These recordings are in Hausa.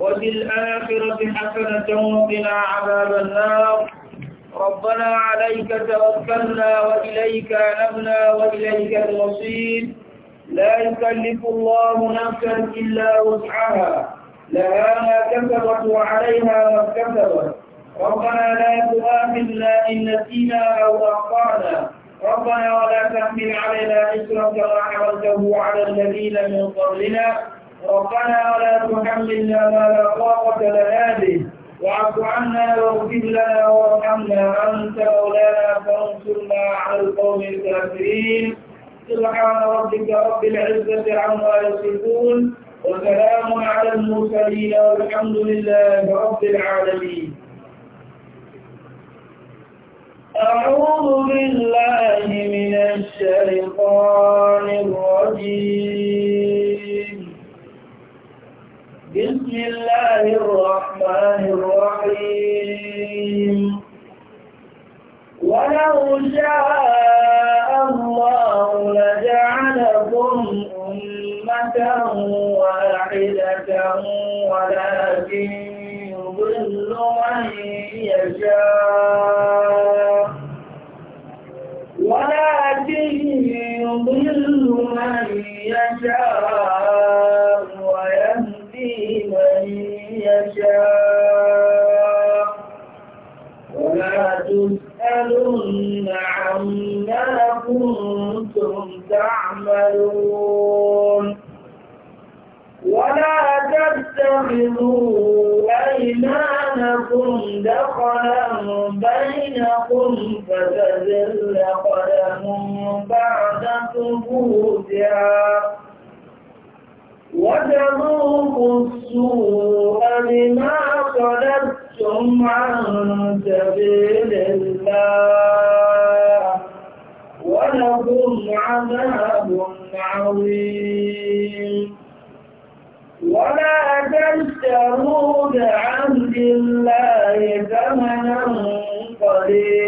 وفي الآخرة حسنة وقنا عذاب النار ربنا عليك توكلنا وإليك أنبنا وإليك المصير لا يكلف الله نفسا إلا وسعها لها ما كسبت وعليها ما كسبت ربنا لا تؤاخذنا إن نسينا أو أخطأنا ربنا ولا تحمل علينا إسرا كما حملته على الذين من قبلنا ربنا ولا تحملنا ما لا طاقة لنا به واعف عنا واغفر لنا وارحمنا أنت مولانا فانصرنا على القوم الكافرين سبحان ربك رب العزة عما يصفون وسلام على المرسلين والحمد لله رب العالمين أعوذ بالله من الشيطان الرجيم بسم الله الرحمن الرحيم ولو شاء الله لجعلكم أمة واحدة ولكن يضل من يشاء ولكن يضل من يشاء يشاء ولا تسألن عما كنتم تعملون ولا تتخذوا أيمانكم دخلا بينكم فتذل قدم بعد ثبوتها وجعلوكم السوء بما صددتم عن سبيل الله ولكم عذاب عظيم ولا تشتروا بعهد الله ثمنا قليلا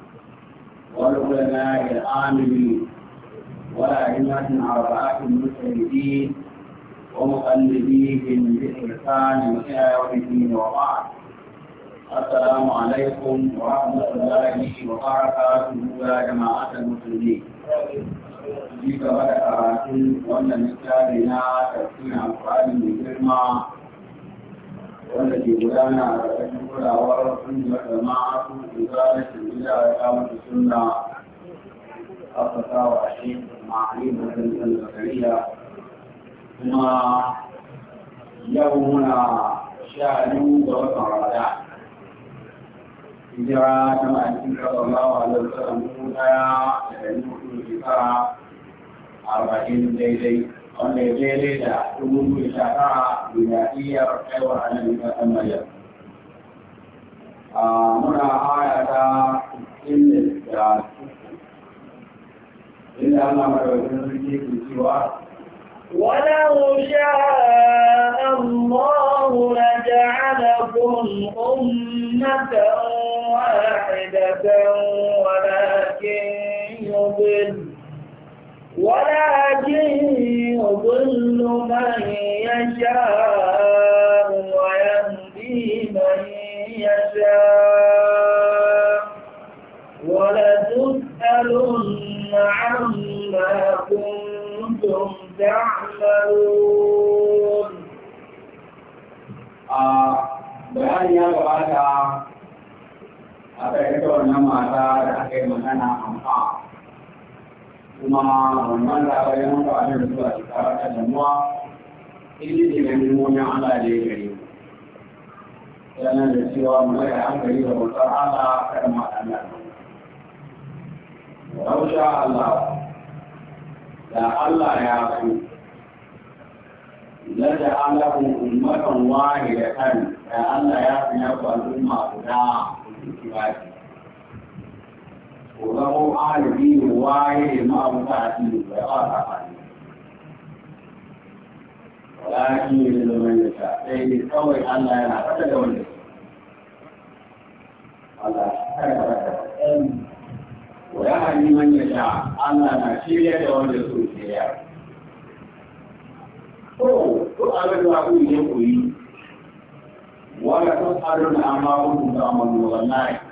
والعلماء العاملين وأئمة أربعة المجتهدين ومقلديهم بإحسان إلى يوم الدين وبعد السلام عليكم ورحمة الله وبركاته يا جماعة المسلمين. جيت pada karatun wannan littafi na tafsirin alƙur'ani wanda ke gudana a ƙarƙashin kulawar ƙungiyar jama'a su gudanar da gida da kamar suna afkasawa a shi ma'ali da zanzan zakariya kuma yau muna sha biyu ga watan rada hijira ta ma'aikin sallallahu alaihi wasallam dubu ɗaya da ɗari hudu shekara arba'in daidai wanda ya daidai da dubu biyu sha tara miliyadiyar kaiwa a nan ƙasar Maryam. Muna haya ta inda da inda Allah madawacin sarki ke cewa ولو شاء الله لجعلكم أمة واحدة ولكن يضل ولكن يضل bayani ya gabata a ƙarƙashin wannan mata da aka yi magana amma kuma wannan labarin mun ba da zuwa shi tare da damuwa idan ne ga nemomin Allah da ya gare mu yana da cewa mu ga hankali da bautar Allah kada mu Allah Rau sha Allah da Allah ya so la da alakum ummatan wahidatan da Allah ya sanya ku al'umma guda ku ci ko zama ne waye ne a cikin da ba ta fani walakin yi da zama ya sha sai ne kawai Allah yana fata da wanda Wala Allah ta yi fata wa ya hali man ya sha Allah na shirya da wanda su shirya ko ko abin da ku yi koyi wala tus'aluna amma kuntum ta'malun wallahi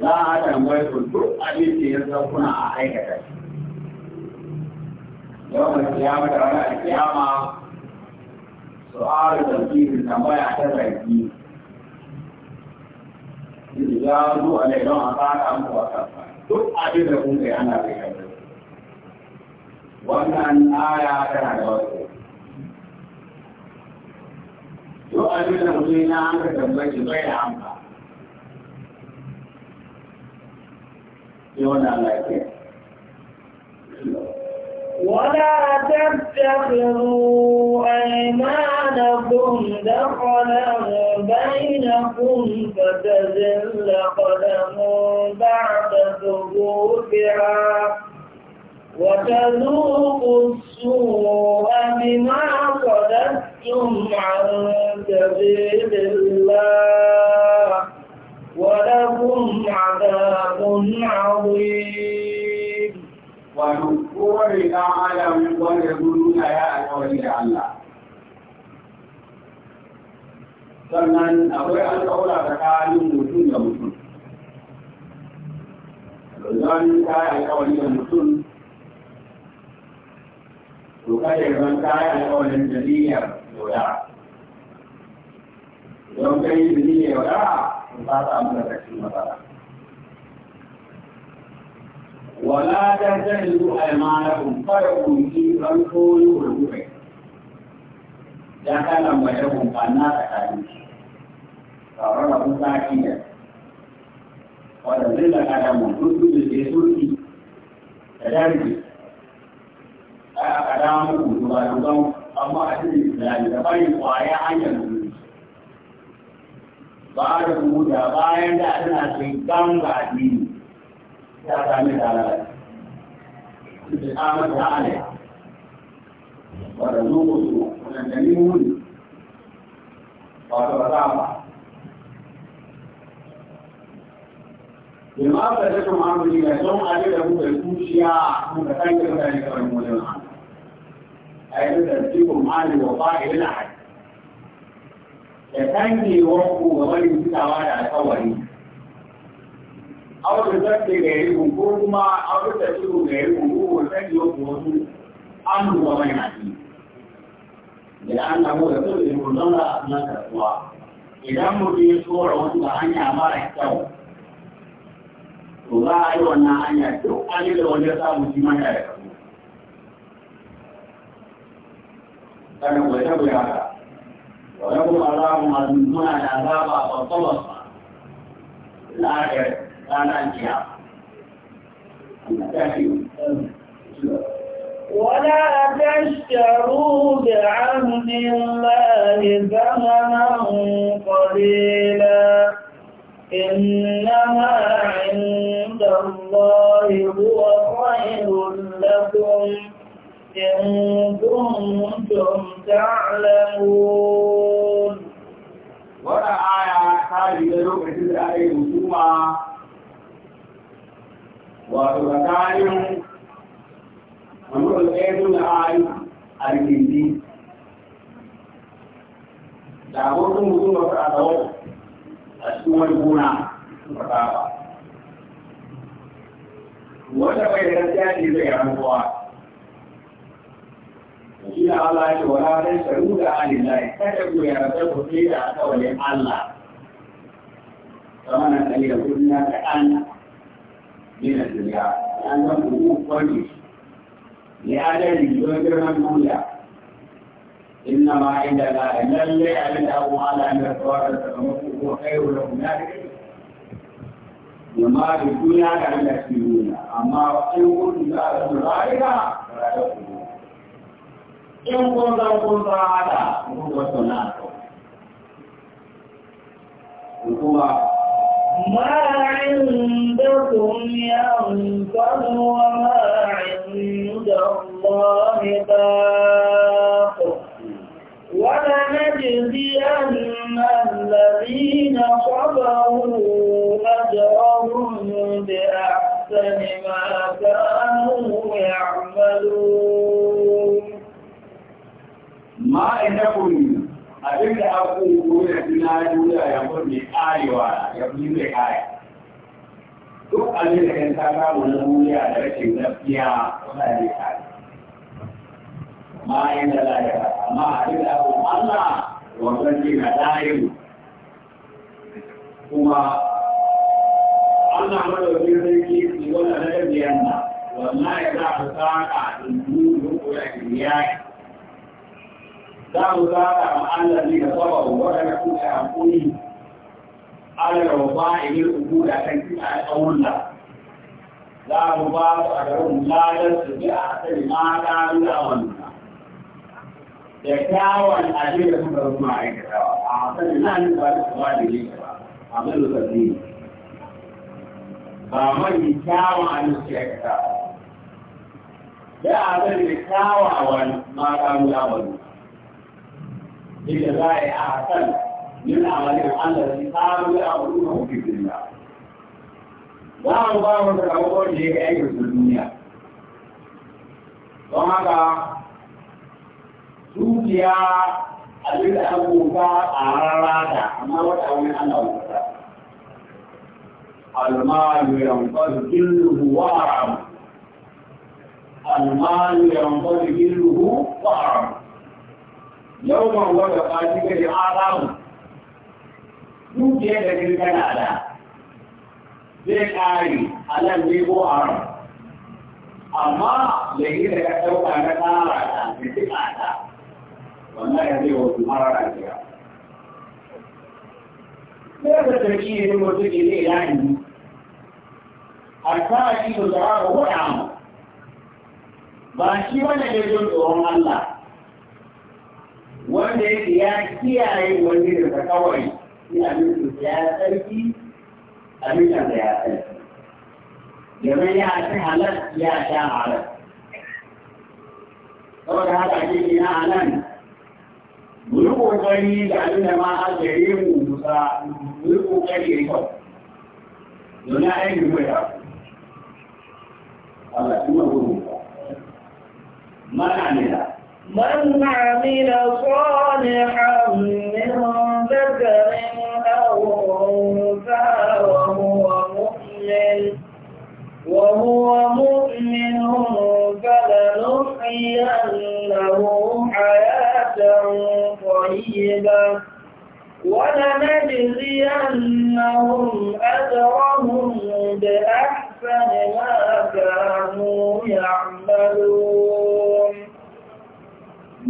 za a tambaye ku duk abin da ya san kuna a aikata shi yau da kiyama da ranar kiyama su'ar tafsirin tambaya ta zargi ya zo a ne don a tsaka muku a kafa duk abin da kun kai ana bai kai wannan aya tana da wasu duk abin da mutum na an ka tambaye bai da amfani ولا تتخذوا أيمانكم دخلا بينكم فتزل قدم بعد ثبوتها وتذوقوا السوء بما صددتم عن سبيل الله ولهم عذاب عظيم ونذكر أعلم ويقولون يا أولي الله sannan akwai alƙawura tsakanin mutum da mutum. Zan ta yi alƙawari da mutum, to kada zan ta yi alƙawarin da niyyar yauda. Don kai da niyyar yauda, ولا تهتزلوا ايمانكم فيكم في الكون والجوع آه، لا تعلم بينهم قناة تعلمك فرى لكم تعكيدا وتذل قدم كنت بالجسد تدرج أقدامكم تبادلون أما أسد الإسلام فإن قايا عن ba da huda bayan da tana shaikan ga addini ta sami da lalata da amar da alaya ba da zuwa su wannan da limuni ba ta ba ba Jama'a da kuma amuri da sun abin da kuka tushiya kuka sanya mutane kamar mulin hannu. A yi da cikin mali wa fa'ilin a da tangewar ku ga wani mutawa da alkawari aure da ke ga yi ko kuma aure da shi ga yi ko ko tangewar ku wasu an mai nafi da an na mu da su da mu zama na kasuwa idan mutum ne tsora wasu ga hanya mara kyau to za a yi wannan hanya duk an da wani ya samu shi mana da kasu. Kada ku ويوم أراهم مضمون العذاب والطبق الآخر قال الجهاد ولا تشتروا بعهد الله ثمنا قليلا إنما عند الله هو خير لكم إن كنتم تعلمون ولا آية خارج لوقت الآية مسومة وتذكارهم أمر الآية الآية الكندي da abokin mutum ba fara da a cikin wani gona bai da gaskiya ne zai yi وكيل الله يقول لا تشتروا عن الله كتبوا يا رب وكيل أتولي الله فمن الذي قلنا كأن من الدنيا لأنه هو قليل لأجل يجر من مولى إنما عند الله للي أبدأوا على أن يتوارد هو خير لهم ذلك وما بالدنيا كان يكسبون أما إن كنت تعلم ذلك فلا تكون in kun zan kun zaɗa mun wato na to. Kuma, Ma'arin da kun yankan wa ma'arin da mawani ba ku, wata na jiziyar na kwaba wula da ta anu ya ma inda kun abin da aku koya na duniya ya fi mai karewa ya fi mai kaya duk abin da kan ta samu na duniya da rashin gaskiya wanda ne kare ma inda la ya amma abin da aku Allah wannan ne na dayin kuma Allah madaukin sarki ne wannan na gaskiyan nan wallahi za ku saka in duniya ko ya ke? za mu zara ma Allah ne da sababu waɗanda kuka haƙuri ala roba ilil uku da kan kika a tsawonla za mu ba su a garin ladar su bi a asali ma ta nuna wannan da kyawun abin da suka rufe ma'aikatawa a asali na ne ba su ba da ne ba a mulkar ne ba mai kyawun abin su aikatawa da a asali da kyawawan ma ta nuna wannan بالجزاء أحسن من عملهم الذي قالوا يعبدونه في الدنيا وأنظار تكبر لك أي في الدنيا وهذا سوتيا abin da an kuka tsarara da amma wata wani ana wuta almalu yanfar gilluhu wa haram almalu yanfar gilluhu wa yawma wa da fati ka ji aramu dukiyar da kirkana da zai kare Allah ne ko haram amma da yi da ya ɗauka na tsara ta da cika ta wannan ya zai wasu marara jiya sai da sarki ne mutum ne zai yayi a sa shi da zara ko ba shi wani ne don tsoron Allah wanda yake ya kiyaye wani da kawai shi amincin ya tsarki amincin da ya tsarki yanzu ya ci halar ya sha halar saboda haka ake kina a nan mu yi kokari da abin da ma a gare mu musa mu yi kokari da kyau domin ainihin mai haku Allah shi ma gudu mana ne da من عمل صالحا من ذكر أو أنثى وهو مؤمن وهو مؤمن فلنحيينه حياة طيبة ولنجزينهم أجرهم بأحسن ما كانوا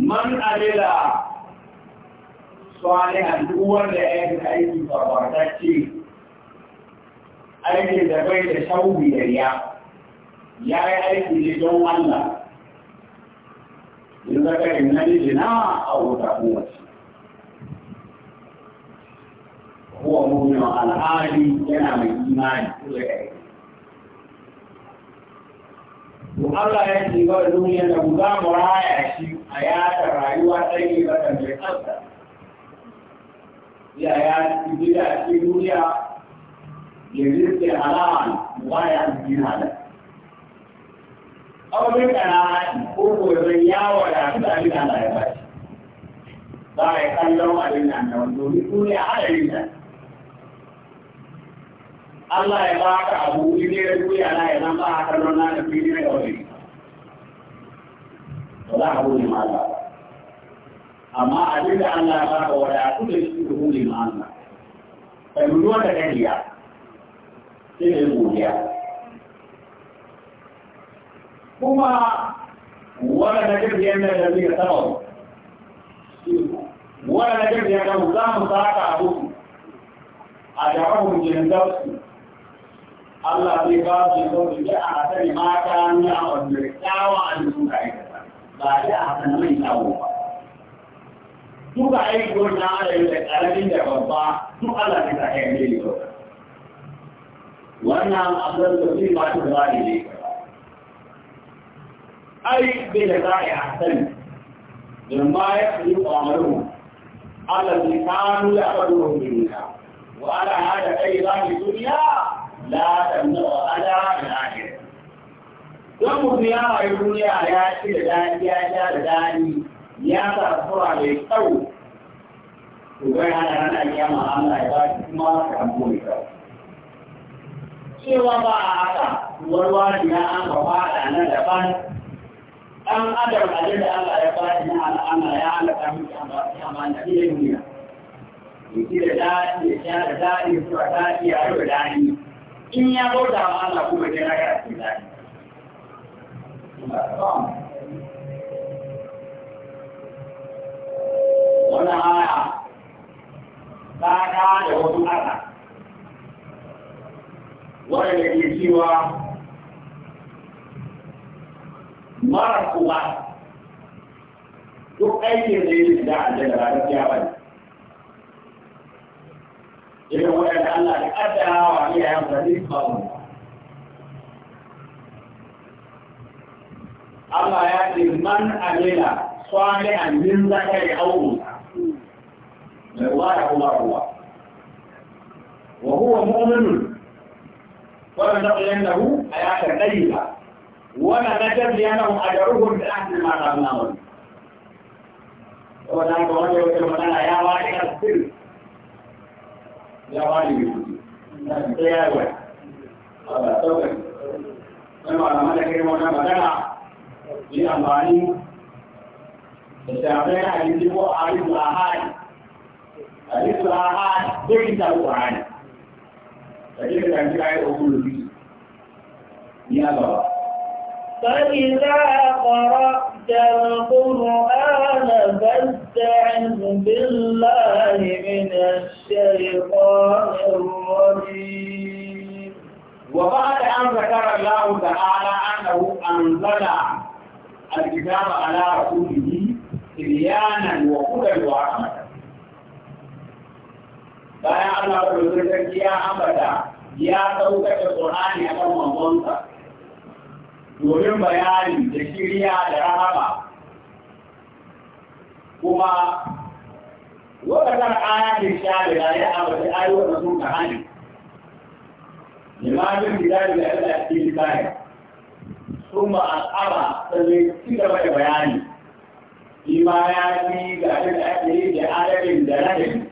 من أليلا صالحا هو لأهل أيدي فبرتكي أيدي لبيت شوبي يريا يا أيدي لجوم الله لذلك إنني جناع أو تقوت هو مؤمن على حالي كان من إيمان كل أيدي وقال الله يأتي بقى دنيا لبقى مرايا أشيك حياة الرعيوة طيبة بالقصد هي حياة بلا سنوية للرزق حلال مغاية من هذا أو من قناعة قوة الرياء ولا تبعد على يباش لا يخلو علينا أن نوزوني كل علينا Allah ya baka abu ne da kuya na ya zama فلاحظوا لما أجاب أما يجب أن يكون هناك لا أجاب ولا أقول لكم لما أجاب فيقولون لك أن يا تلموا كما ولا نجد لأن الذي يتبعون ولا نجد لأن الله مساعدة أبوه أجابه هناك جنزوسه الله في بعض الظروف جاء أعطني ما كان يعمل بالدعوة عن المتعين ba da haka nan kawo ba duka aiki na arewa da karamin da babba duk Allah ne ta kai ne ba wannan abdul kafi ba ta ba ne ai bai da za'i hasan lamma ya fi qamaru الذي كانوا يعبدون منها وعلى هذا ايضا في الدنيا لا تمنع على الاخره don mutum ya rayu duniya ya ci da daɗi ya sha da daɗi ya sa fura mai kyau to bai hana ranar kiyama Allah ya ba shi kuma ka kambo mai kyau cewa ba a haka warware na an ba faɗa na daban ɗan adam abin da Allah ya ba shi na al'amma ya halaka miki amma na iya duniya Yake da daɗi, ya sha da daɗi, suka daɗi, ya rufe daɗi. In ya bauta wa Allah kuma ke na ga daɗi. wannan aya ta da da wasu aka waɗanda cewa mara kuma duk aikin da yi da aljanna ba gaskiya ba ne irin waɗanda Allah ya ƙaddara wa iyayen sa ne ba mu الله يأتي من أجل صالحا من ذكر أو أنثى مولاه الله هو وهو مؤمن ولم نقل أنه حياة طيبة ولا نجد لأنه أجرهم بأحد ما قبلناه وذلك وجه وجه مثلا يا والي أصبر يا والي يا والي هذا توكل أنا على ملك المؤمن su yi amfani da shafai hadisi ko a yi lahari a yi lahari bai ta ƙwari da ke da kan kira ya ɗauki rufi ni a gaba فإذا قرأت القرآن فاستعذ بالله من الشيطان الرجيم وبعد أن ذكر الله تعالى أنه أنزل الكتاب على رسوله تبيانا وهدى ورحمة بايع الله بالبركة يا أبدا يا توكة القرآن يا كم منظمة domin bayani da shirya da rahama kuma waɗannan ayatin shaɗi da ya abata ayyukan sun ka hannu limamin gida da ya ɗaɗa cikin bayan ثم أقرأ فليكتب بياني فيما يأتي يعني بعد الأكل بعدد دلل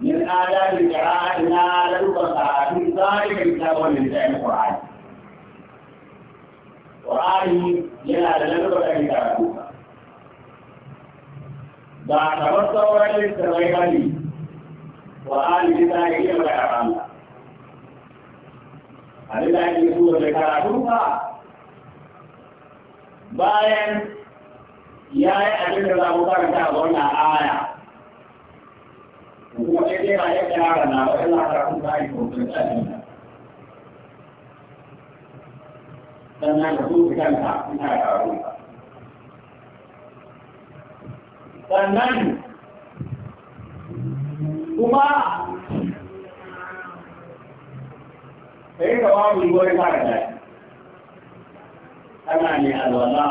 من آداب قراءتنا للبقاء في ذلك الكتاب من شأن القرآن قرآن ينال للبقاء في كتابك da kamar sauran littattafai bane Qur'ani ta yi iya bayanan. A da ake so da karatu ba bayan ya yi abin da za mu karanta a wannan aya kuma sai dai ba ya yara na ba ina karatu ba yi kokarin tsarin sannan da tuka kanka ina yaro sannan kuma sai ka ba mu yi wani karanta tana ne alwala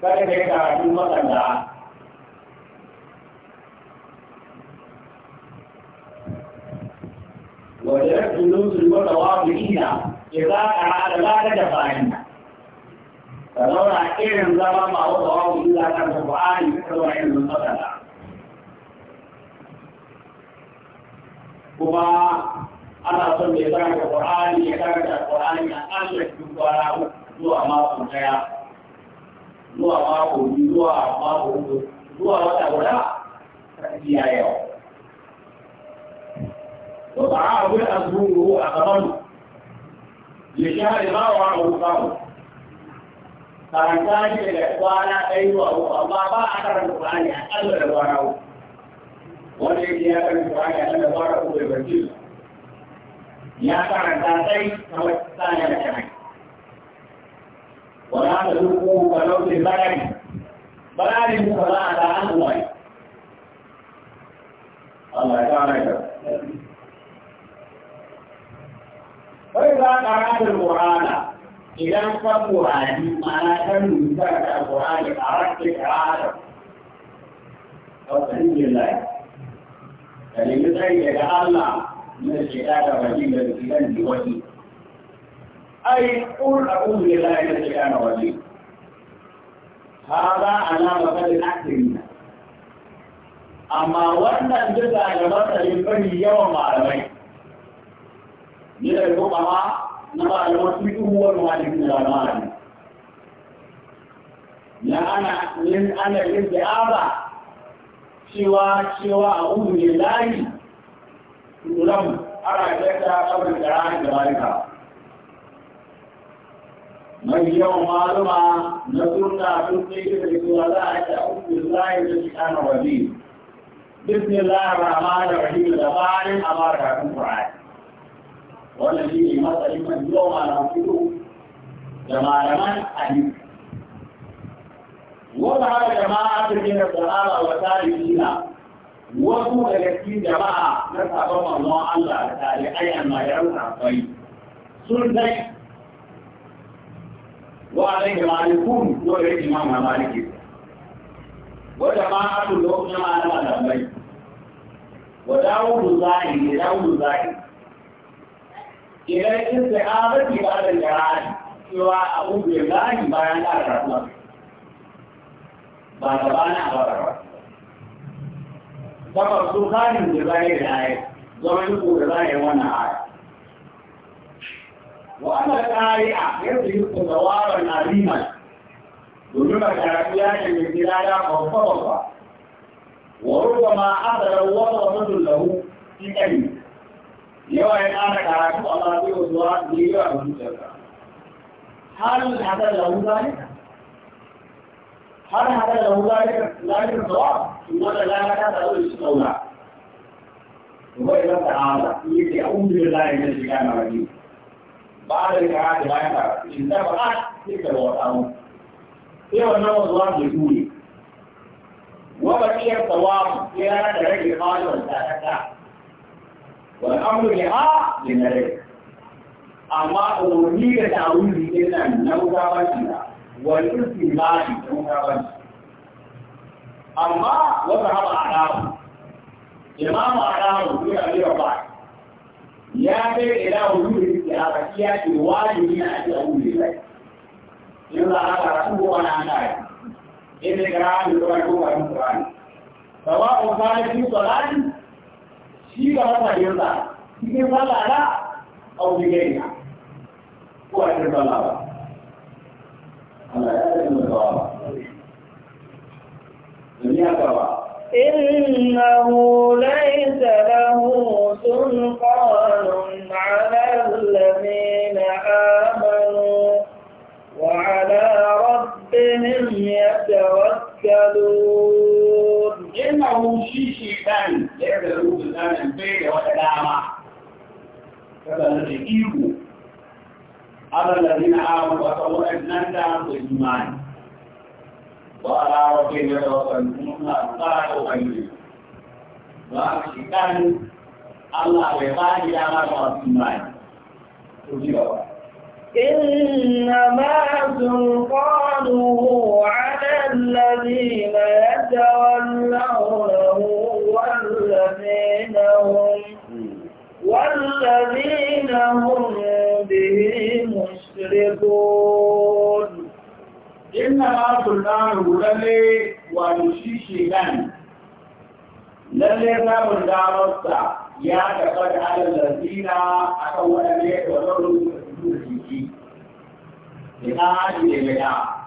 kada ka yi وجدت جلوس المتواضعين إذا أعاد لا تدفعن فلولا إن ظلم أو ضواب إلا كان سبحان يكتب علم القتل ana son mai karanta Qur'ani ya karanta Qur'ani a ƙarshen cikin kwana uku zuwa mako ɗaya zuwa mako biyu zuwa mako uku zuwa wata guda ya yawa. Ko ba a abin azuru a gaban ya sha da ba wa abu kawo. Karanta ne daga kwana ɗaya zuwa uku amma ba a karanta Qur'ani a ƙarshen kwana uku. Wanda yake ya karanta Qur'ani a ƙarshen kwana uku bai barci ya karanta sai na wata tsaya da shahai wala ta duku ga lokacin bayani bayanin ku ba a da an uwai Allah ya kare ka Wai za ka rada Qur'ana idan ka Qur'ani ma'ana kan nuna da Qur'ani a rakke Qur'ana Tausayin lillahi. Kalimi tsaye daga Allah من الشيطان الرجيم بالكتاب وجيه أي قل اقول بالله من الشيطان الرجيم هذا على مثل الأكل منا أما وأن جزء لمثل بني يوم عالمين من الفقهاء نرى المسلم هو المالك من المال لا أنا من أنا الذي أرى سوى سوى أعوذ tulam ana kyauta saboda rani da barika mai yawan maluma na sunna sun ce da cewa za a ta uku zai da shi kana wazi bismillahir rahmanir rahim da barin amara kafin qur'ani wannan shi ne matsayin mai yawan na fito da malaman hadisi wannan jama'a cikin da sahaba wa tabi'ina wasu daga cikin jama'a na sabon manzon Allah da tarihi a mayaran sabai sun dai wa alaihi malikun ko da yake imam maliki wa jama'atu lokacin ma na malamai wa dawudu zahiri da dawudu zahiri idan kin sai abati ba da jara'i cewa abu bai bayan da rasuwa ba gabana a ba فقط سلطان بغير الآية ومن بغير وانا آية وأما الآية يدرك دوارا عظيما ظلم كافيات من خلال فوق وربما أثر وصفة له في كلمة yawa ya ƙara karatu a zaɓe wa zuwa ne yawa da zuciyarka. هل هذا له ذلك ذلك الصواب لماذا لا يكاد يستولى وإذا تعالى يجي أعوذ بالله من الشيطان الرجيم بعد الكعاد لا يكاد إذا فقط تلك الوطن هي أنه الله يقول وبقي الصواب إلى درجة خالد والسادة والأمر بها لنرد أما أمرني كتعويذ إلا من نوزة والاستمرار أما وذهب أعراب إمام أعراب دون أبي رباح يا بيت إلى وجود الاستعارة الواجب من أجل أول الله إلا هذا رسول وأنا أنا إن الكلام يقول لكم القرآن سواء كان في صلاة شيء غلط يرضى في صلاة أو بغيرها هو أجل الله إنه ليس له سلطان على الذين آمنوا وعلى ربهم يتوكلون إنه شي كان يقدر يقول الآن البيت وتدامى كذا نجيبه على الذين آمنوا وتقوا أجنانا إجمعين وعلى ربهم يتوكلون قالوا أيوه وأمسكان الله بقال يا مرحبا بالإيمان إنما سلطانه على الذين يتولونه والذين هم والذين هم به يشركون إنما سلطانه للي ونشيش لن للي رب على الذين أقوى أليك وذروا المسجدين لآجل لها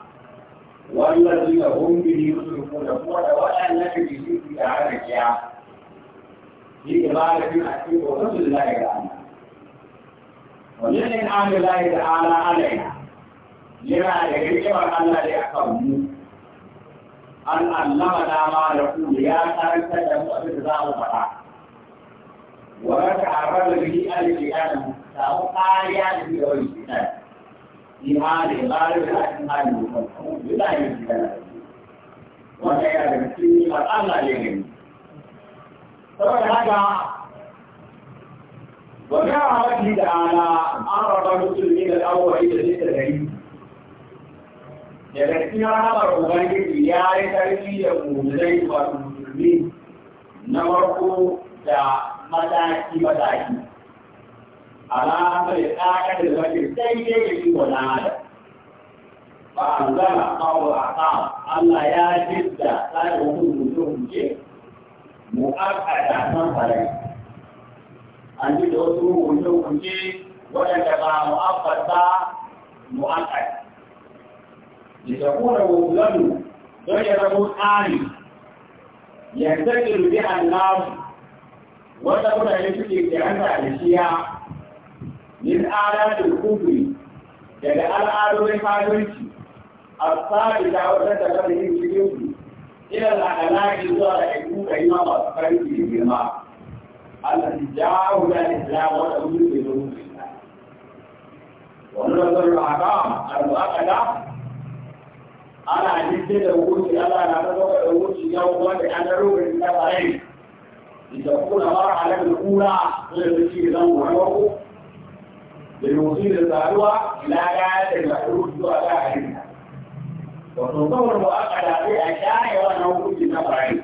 والذين هم به يشركون ومن انعام الله تعالى علينا لما يجري الله لأكرمه أن علمنا ما نقول يا كانت تدعو za mu faɗa. Wata tarar da ni a rike yana samu kariya da ni da wani kitan. Ni ma da ya bari da ake hali da kuma da ya yi kitan. Wata yana da cikin matsalar da ya gani. Saboda haka وجاء da تعالى عرض المسلمين الأول إلى ذكر الكريم daga ya yi ƙarfi da wa musulmi na farko da mataki mataki alamar da tsakar da mafi daidai ba a zama Allah ya Mu farai an yi da wasu hukunce-hukunce waɗanda ba mu'abbata mu'akkad. Da shakuna wuzanu don ya zama tsari yanzu ƙirbi annabu wanda mutane suke kiranta da shiya min al'adar kufri daga al'adorin kafirci a tsari da wata da yin cikin su ila al'alaki zuwa da ɗaiɗu yi ma masu ƙarfi da girma التي جاءوا بها الإسلام والأمور بدون الإسلام وننظر الأحكام المؤكدة على جدة الوجود على نتوقع الوجود يوما بأن روح الكبرين لتكون مرحلة الأولى من التي نوعه للوصول الدعوة إلى غاية المحروف وغاية وتنظر المؤكدة في أشياء ونوعه الكبرين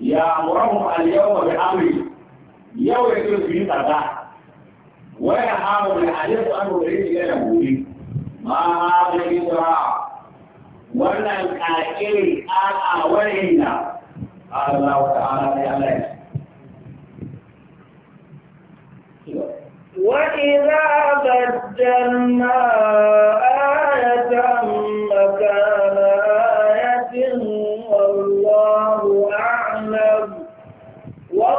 يا مرهم اليوم بأمر يوم يكون في كذا وينهاهم الحديث أنه يريد إلى يهودي ما هذا الإسراء ولا ƙaƙirin ƙaƙa wani قال الله تعالى يا ta Allah وإذا بدلنا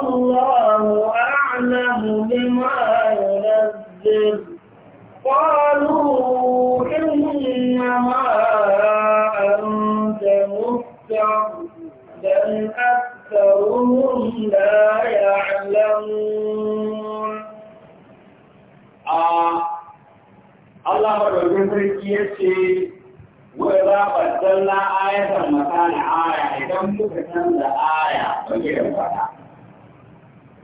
والله أعلم بما ينزل قالوا إنما أنت مفتر بل أكثرهم لا يعلمون آه، الله مرحبا يسير وإذا بدلنا آية مكان آية إذا مكتنا آية وكذا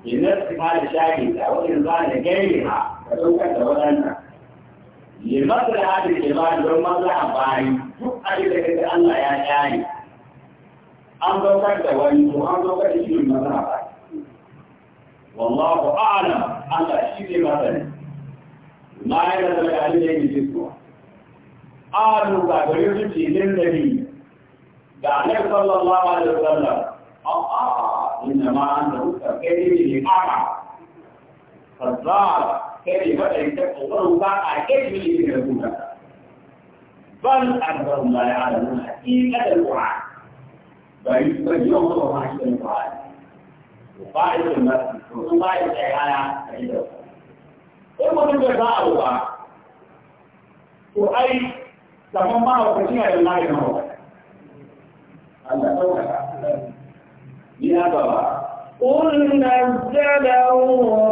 للناس حال شاهدة والإنسان لغيرها فتوكا تولنا لمصلحة الجبال دون مصلحة باي أجل كده الله يا شاهد أن توكا تولنا وأن توكا تشير المصلحة باي والله أعلم أن تشير مثلا ما يلزم عليه من جسمه قالوا كبريت في النبي قال صلى الله عليه وسلم آه, آه،, آه، إنما أنت kéde ni ara fadala kéde wata yi tẹ ọgbọn ruba a kéde mi yi ni ruba ban agbọn ba ya ara mu a ti kẹde wa ba yi ba yi ọmọ ba ma ṣe ba yi ṣe ma ṣe ko tó ba yi ṣe ya ya a yi dọ. e mo tún bẹ bá a wa ko ayi sàmọ bá a wa ko tí a yẹ láyé náà. Ala tó wà láti lẹ́nu. قل نزله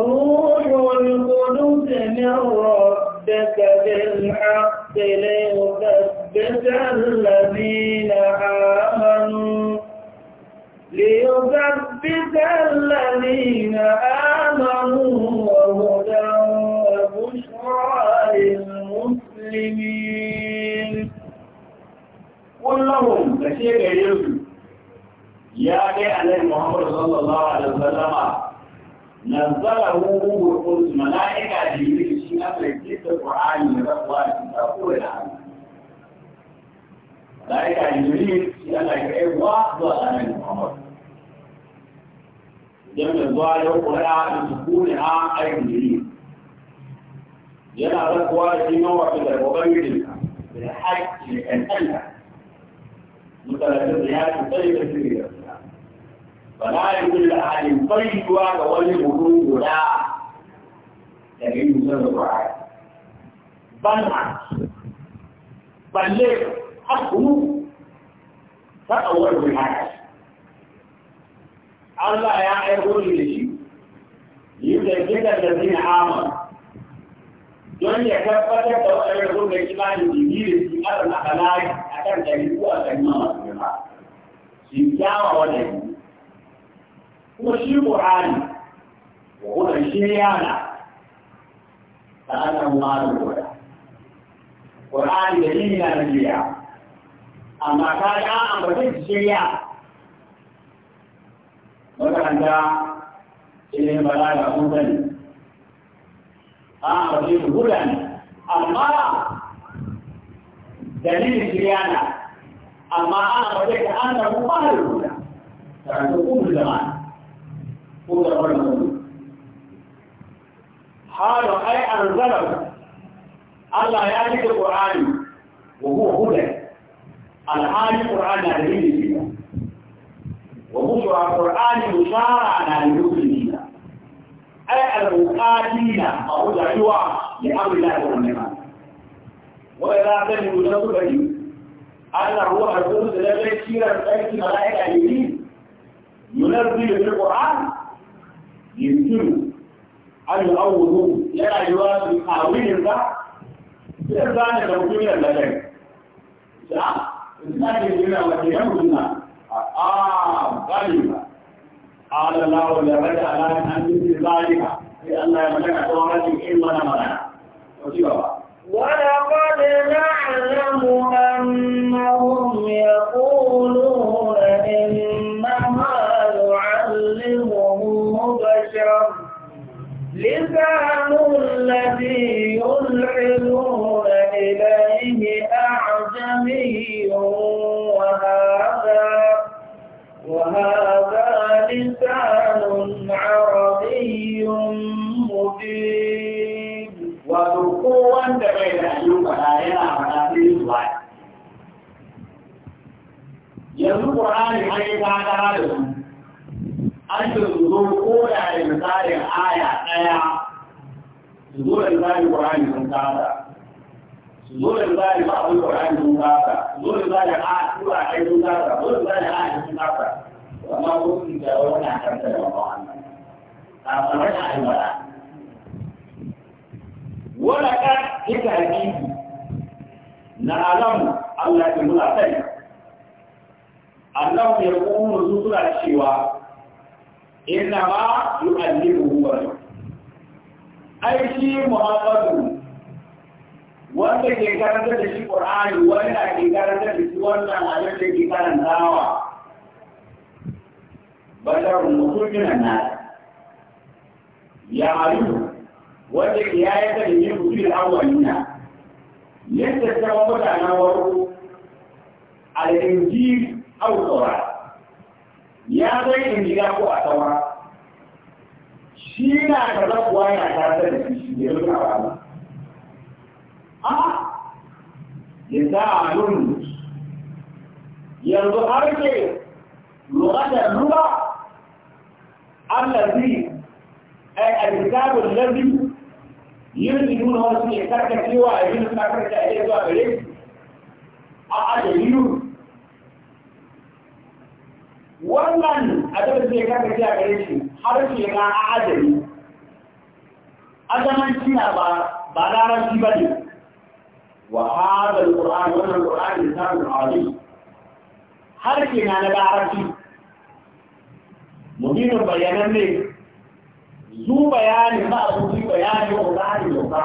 روح القدس من ربك بالحق ليثبت الذين آمنوا ليثبت الذين آمنوا وهدى وبشرى للمسلمين قل لهم فشيء يلزم يا جاء عليه محمد صلى الله عليه وسلم نزله روح القدس ملائكة جبريل شيء أمر جيت القرآن من رب الله تقول العالم ملائكة جبريل شيء أمر جيت واحدة أمر محمد جمع الظاهر وقراءة سكونها أي جبريل جنا رب الله شيء نوع من الوبيل بالحق لأن الله متلازم لهذه الطريقة الكبيرة فلا يقول لأحد طيب وكوجه قلوب لا لكن يسمى القرآن بل بل ليه حقه فأول بالحاجة الله يا أيقول لي يمكن كده الذين آمنوا don ya tabbatar da waɗannan zuwa imanin jini da su ƙarar akalari a kan ɗari ko a ɗari ma masu girma. Shi kyawa waɗannan وشي قرآن وقول الشيء آه، أنا فأنا مال الأولى قرآن يديني أنا جيا أما كان أنا بديت الشيء مثلا ده شيء بلا يقولن أنا بديت قولن أما دليل جريانا أما أنا بديت أنا مال الأولى فأنا أقول زمان هذا المولود حال أي أنزله الله يأتي القرآن وهو هدى الحال القرآن دليل فيها وبشرى القرآن بشارة على المسلمين أي المقاتلين أو دعوة لأمر الله والنعمة وإذا كان يوسف بني أن الروح القدس الذي يسير في ملائكة جبريل ينزل في القرآن yankin al’awuru ya rayuwa su kawirin ba, ya zane da mutum yin lalai. Ya, ina ne yana wata yan wuna a gani ba, a lalawa da rage ala ta hannun da zane ka, sai Allah ya mata ka tsawon rajin in mana mana. Wasu ba ba. Wadda kwa da na alamu an mahu فمثلهم الذي يلحدون إليه أعجمي وهذا وهذا لسان عربي مبين وذكوا أنت بين أيوب لا يعلم بالوعي yanzu ƙur'ani an yi ta da su an ko da misalin aya ɗaya su zo da zai Qur'ani sun kasa zo da zai ba abin Qur'ani sun kasa zo da zai a tura ai sun kasa zo da zai a sun kasa amma ko wani karanta da wannan a sanar da aibara wala ka ita na alamu Allah ya mula sai Allah ya kuma suna cewa inna ma yu'allimuhu wa yu'allimuhu aiki muhammadu wanda ke karanta da shi ƙur'ani wanda ke karanta da shi wannan abin da ke karantawa bashar mutumin na ya malu wanda ke yaya ta da yin mutumin awalina yadda ta mutanen warko al'injil autora ya zai injila ko a tawara shi na kaza kuwa yana tare da shi ne nuna ba a ya za a nun yanzu har ke lokacin ruwa allazi ai alkitabul ladhi yunziluna wasu ya karkacewa a yin karkace a iya zuwa gare shi a adalilu wannan adalci ya karkace a gare shi Har harshe na adali azamanci na ba ba larabci ba ne wa hadal qur'an wannan qur'an ne ta azim harshe na na larabci muhimmin bayanan ne zu bayani ba abu zu bayani wa zahari da ba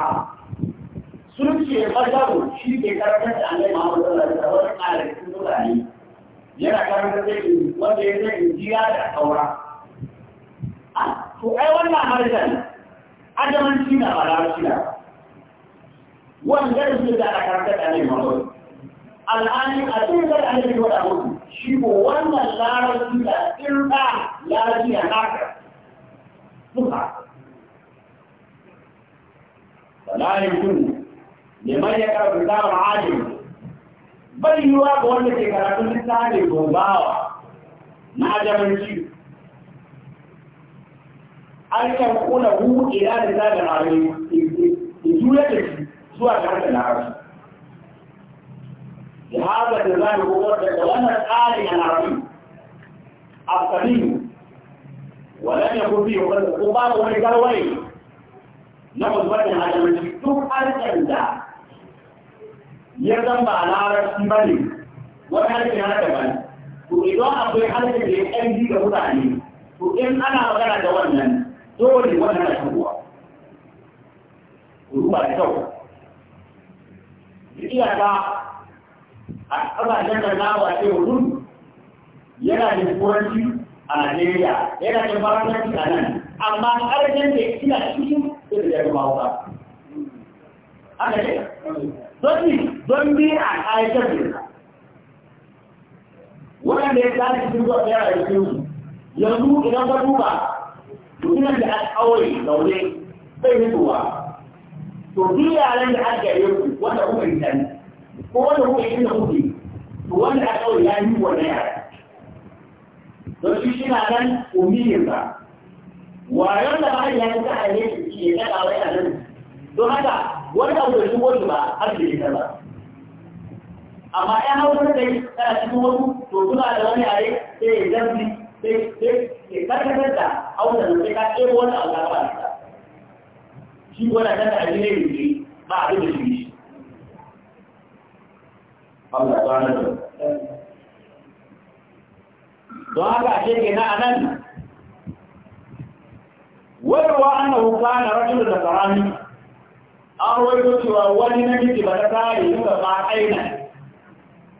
sun ce bazaru shi ke karfin da annai mahammadu sallallahu alaihi wasallam a cikin mutane yana karfin da wanda ya zai jiya da aura to ai wannan harshen adamanci na ba larabci na wanda da su da aka karanta da ne mawa al'ani a cikin da aka yi wada mutu shi ko wannan larabci na tsirka larabci na haka duka فلا يمكن لمن يقرأ كتاب عاجل بل يواقع وانك يقرأ كتاب عاجل na adamanci an yankuna hu ila da zaɓin aure da jura da shi zuwa ga harkar larabci da haka da zaɓin kuma daga wannan tsarin a larabci a sabiyu wannan ya kuma biyu wanda ko ba wani garwaye na mutumatin hajjamanci duk harkar da ya zan ba larabci ba ne wani harkar haka ba ne to idan akwai harkar da ya ƙarfi ga mutane to in ana magana dole wannan shan ruwa ruwa da kyau iyaka a ƙasashen da na wace wurin yana da turanci a Najeriya yana da faransanci a nan amma ƙarfin da ina cikin da ya zama hausa haka ne don don bi a kayan da waɗanda ya tsari cikin zuwa tsaya a cikin yanzu idan ka duba duniyar da aka kawai zaune zai fitowa to duk yaran da aka yi ku wanda kuka yi tani ko wanda kuka yi inda kuke to wanda aka yi ya yi na yara don shi shi na nan umiyin ba wayon da ba ya yi ta a ne shi ne ta kawai a nan don haka wanda kuka shigo shi ba har da ita ba amma ya hau da kai tana cikin wasu to suna da wani yare sai ya zafi sai sai karkatar da hausa sai ka ɗebo wani abu da ba shi wani nan ta abin ne ne ba abin da shi shi Allah ta nan don haka ashe ke na anan warwa annahu kana rajulun da sarani an rawaito cewa wani namiji ba ta kare yin ba ba aina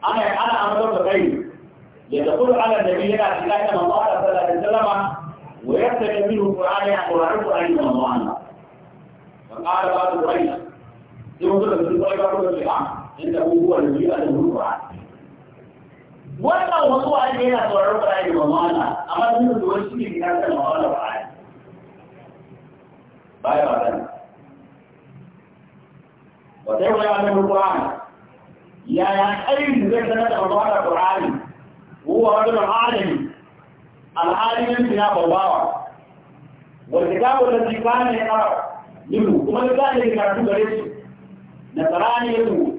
ana amsar da kai يدخل على النبي يدعى الله صلى الله عليه وسلم ويرتدي منه القرآن ويعرف أين الله فقال بعض قريش ينظر في القرآن يقول الإمام إنه هو الذي يدعى القرآن wannan wasu a ne yana tsoron ƙwararri ba ma'ana amma sun da wani shi ne ya san ma'ana ba a ba ya ba zan ba sai wani abin ƙwararri yaya ƙarin zai sanar da ma'ana ƙwararri هو رجل عالم العالم يمكن بواوة والكتاب الذي كان يقرأ منه وما كان يقرأ بريش نصراني يدو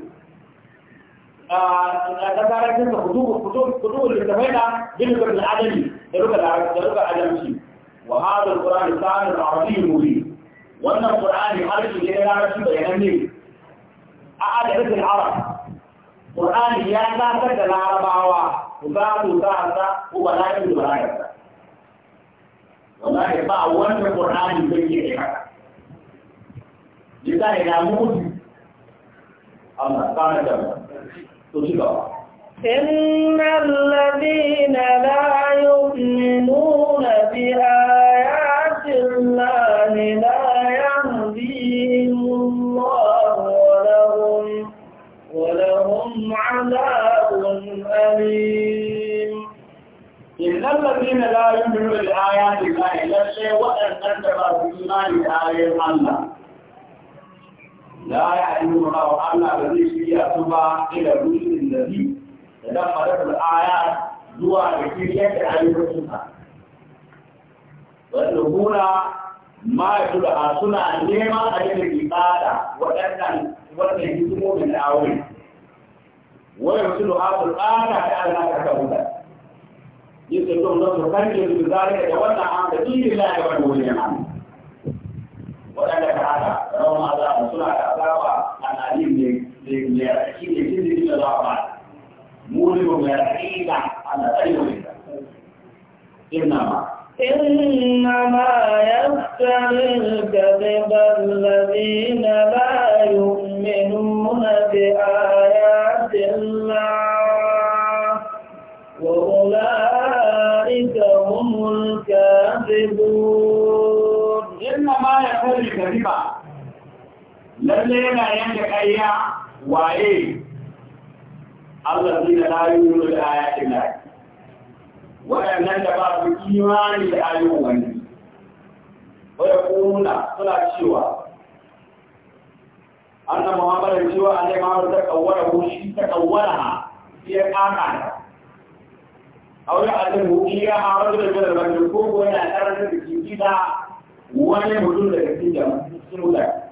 نصارى كنت خطوب خطوب خطوب اللي استفيدا باللغة العدمي اللغة العدمية وهذا القرآن الثاني العربي المبين وأن القرآن يحرك إلى العرب بيانه أعاد عرف العرب قرآن يا ناس العرب babu sa'arsa ko ba za yi ba za yarsa wallahi ba wanda qur'ani bai yi haka jika ina mutu Allah kana da to shi ba إن الذين لا يؤمنون lalle waɗannan da ba su imani da ayoyin Allah. La ya ainihin nuna wa Allah ba zai shirya su ba ila rusin da bi da dan fadar aya zuwa da shirya da ayoyin sa. Wanda hura ma da suna neman a yi da ibada waɗannan wannan hikimomin da aure. Wani mutum da asul ƙara da Allah ta kawo يسلكم نصر فانجز بذلك يولى عن سبيل الله والمولي عنه وذلك هذا روما عذاب سنة عذاب عن عليم ليرحيم يجد من الأربعة مولي يرحيم عن أيوه إنما إنما يفتر الكذب الذين لا يؤمنون بآيات الله وأولئك أولئك هم الكاذبون إنما يقول الكذبة لدينا ينك أيا وعيه الذين لا يؤمنون بآيات الله وأن نتبع بإيمان الآيون ويقولون صلاة شوى أن محمد شوى أن محمد تكوره شيء تكورها في أقامها أو يعلمه إياها رجل من المجلوكون ولا أرد بكيدا ولا مدون لكتيدا مسلم لك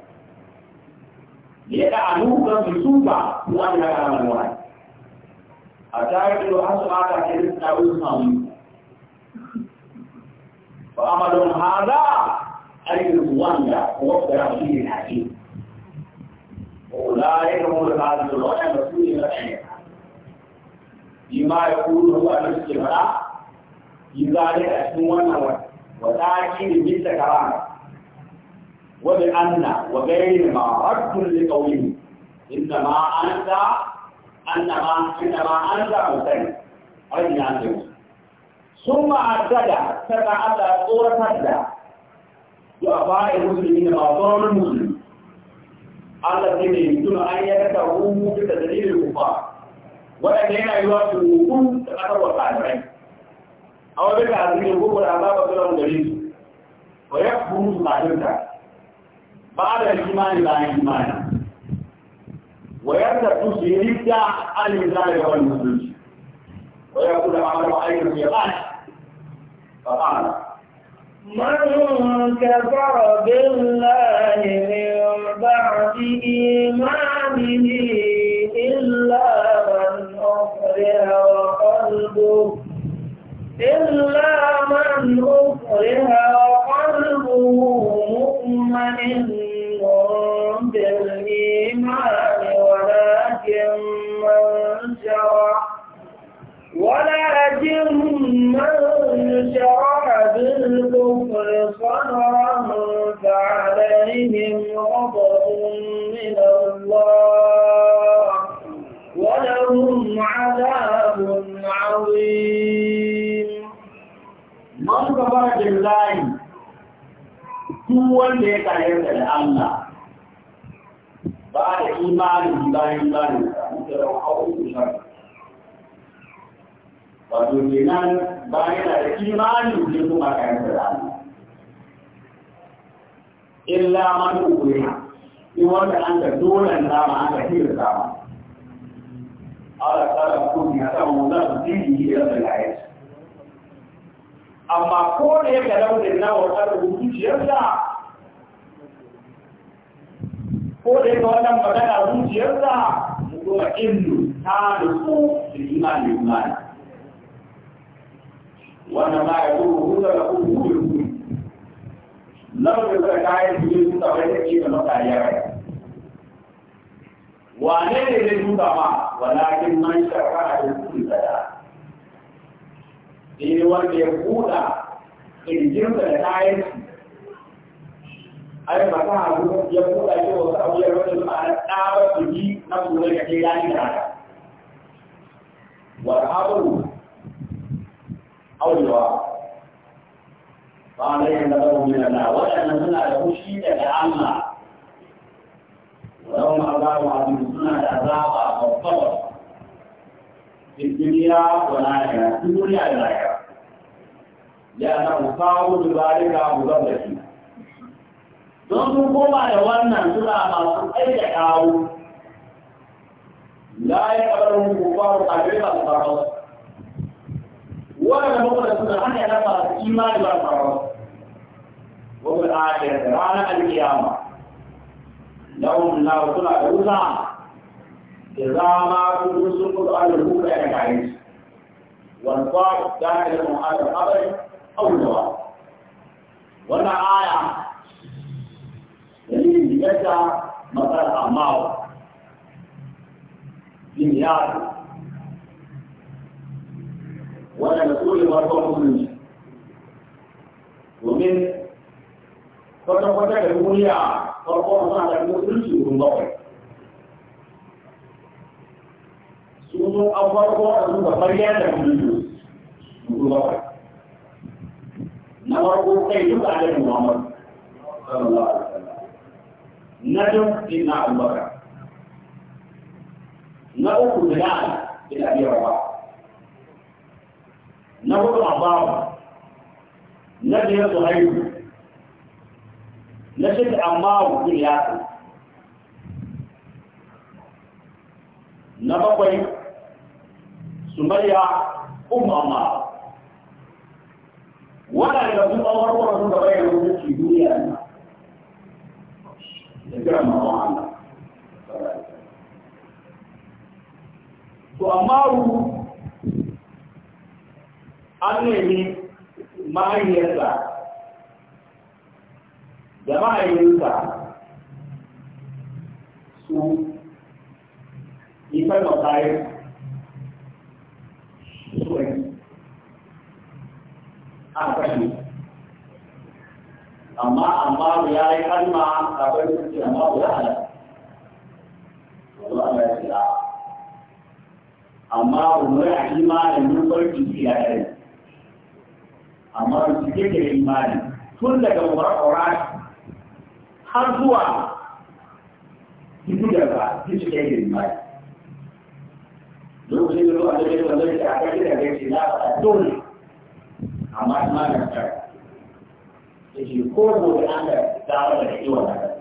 ليتعلوك بسوطة وأنا كان الوعي أتاك إلو حسب هذا كذلك تأويل صامي فأمل هذا الرضوان وقت رسول الحكيم أولئك هم الغالبون ولا مسؤولين من بما يقول هو أن الاستمراء في ذلك أسمونا وتأكيد مثل كلام وبأن وغير ما رد لقوله إنما أنت أنما إنما أنت مسلم رجل عن ثم أعتدى فتعدى صورة تدى يعفى المسلمين ما ضر المسلم الذين يمكن أن يكتبوه بتدليل الكفار waɗanda yana yi wa turuku da ƙasar wa ƙasirai a wani da azumi da gugu da azaba su lamun gari su wa ya kuru su matinta ba da imani bayan imani wa ya tattu su yi rikta alin zai da wani musulunci wa ya kula amal wa ayyukan ya ba ba ba من كفر بالله من بعد إيمانه إلا أكره وقلبه إلا من أكره وقلبه مؤمن بالإيمان ولكن من شرح ولكن من شرح بالكفر صدرا فعليهم غضب من الله ولهم عذاب عظيم من كفر بالله كون اللي كان الله بعد إيمان بالله الله wato kenan bayan da imani ne kuma kayan da Allah illa man ukuriha in wanda an dole na ma an ka ala tsara kudi a kan wannan dini da zai amma ko da ya galau da na wata zuciyarsa ko da ya wannan magana zuciyarsa kuma indu ta nutsu da imani imani wannan ma ya zuwa hudu da kuma hudu da kuma lamar da kayan su yi su tsawaita ce da mutane ya wane ne zai duka ma walakin man shaka a ne wanda ya buɗa ƙirjinsa da kayan shi ai hagu ya buɗa shi wasu ba na na buɗe ka ke gani da haka wani abu aurewa ba na yin da ba waɗannan suna da daga Allah ولهم عذاب عظيم سنة عذاب الصبر في الدنيا والآخرة في الدنيا والآخرة لأنه صاب بذلك مدرسين don sun koma da wannan suna masu kai da kawo la ya kabarin kufaru a bai masu farau wannan muku da suna hanyar masu imani ba farau wani ajiyar ranar alkiyama لهم النار سنة دوزا إذا ما كنتم سنقض أهل الهوكة يكاين والصار داخل هذا القبر أو الجواب وانا آية يلي يجا مثل أعمال في مياه وانا مسؤول مرفوع مسلمين ومن فترة فترة الأولياء farko a sa da mutum surun bakwai sunun an farko a sun da farya da mutum surun bakwai na farko kai duk a daga muhammad sallallahu alaihi wasallam na duk ina abubakar na uku da na ina biyar ba na hudu abawa na biyar su haihu na shi amma wukin ya san na bakwai sumayya umama wannan da sun tsawon wannan da bayan rubuci duniya na da girma wa Allah to amma an nemi mahaifiyarsa da ma'ayyinsa su ifar da kayan suwai a kashe amma amma ya yi kalma a bai suke amma guda ala wanda ala ya tsira amma umar a imanin nufar jiki ya yi amma su ke da imanin tun daga murar har zuwa dubu da ba duk su kai girma lokacin da zuwa da zai zuwa zai ta kai da zai ce na faɗa dole amma ma na ta ta ce ko gobe an da tsara da kiwon na ta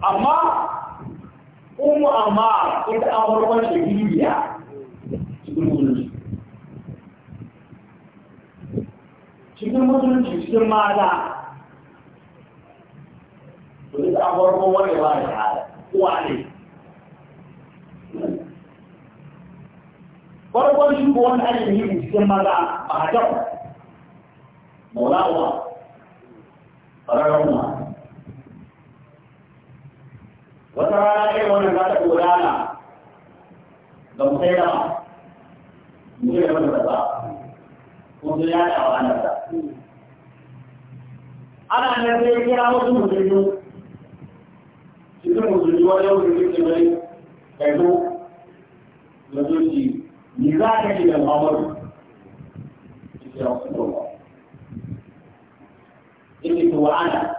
amma umu amma ita an warwar shi bibiya cikin gudunci cikin musulunci cikin mata wani ta farko wani ba da hada uwa ne farkon shugo wani ake yi cikin maza ba a jabu maulawa fararunwa wata rana ɗaya wannan za ta gudana ga musai dama mu yi da wani da ba منذ يدع وأنا أنا أنا في كلا وسم مسلم شكرا مسلم ولا مسلم كبري كيفو لذلك نزاع إلى الأمر شكرا رسول الله إني هو أنا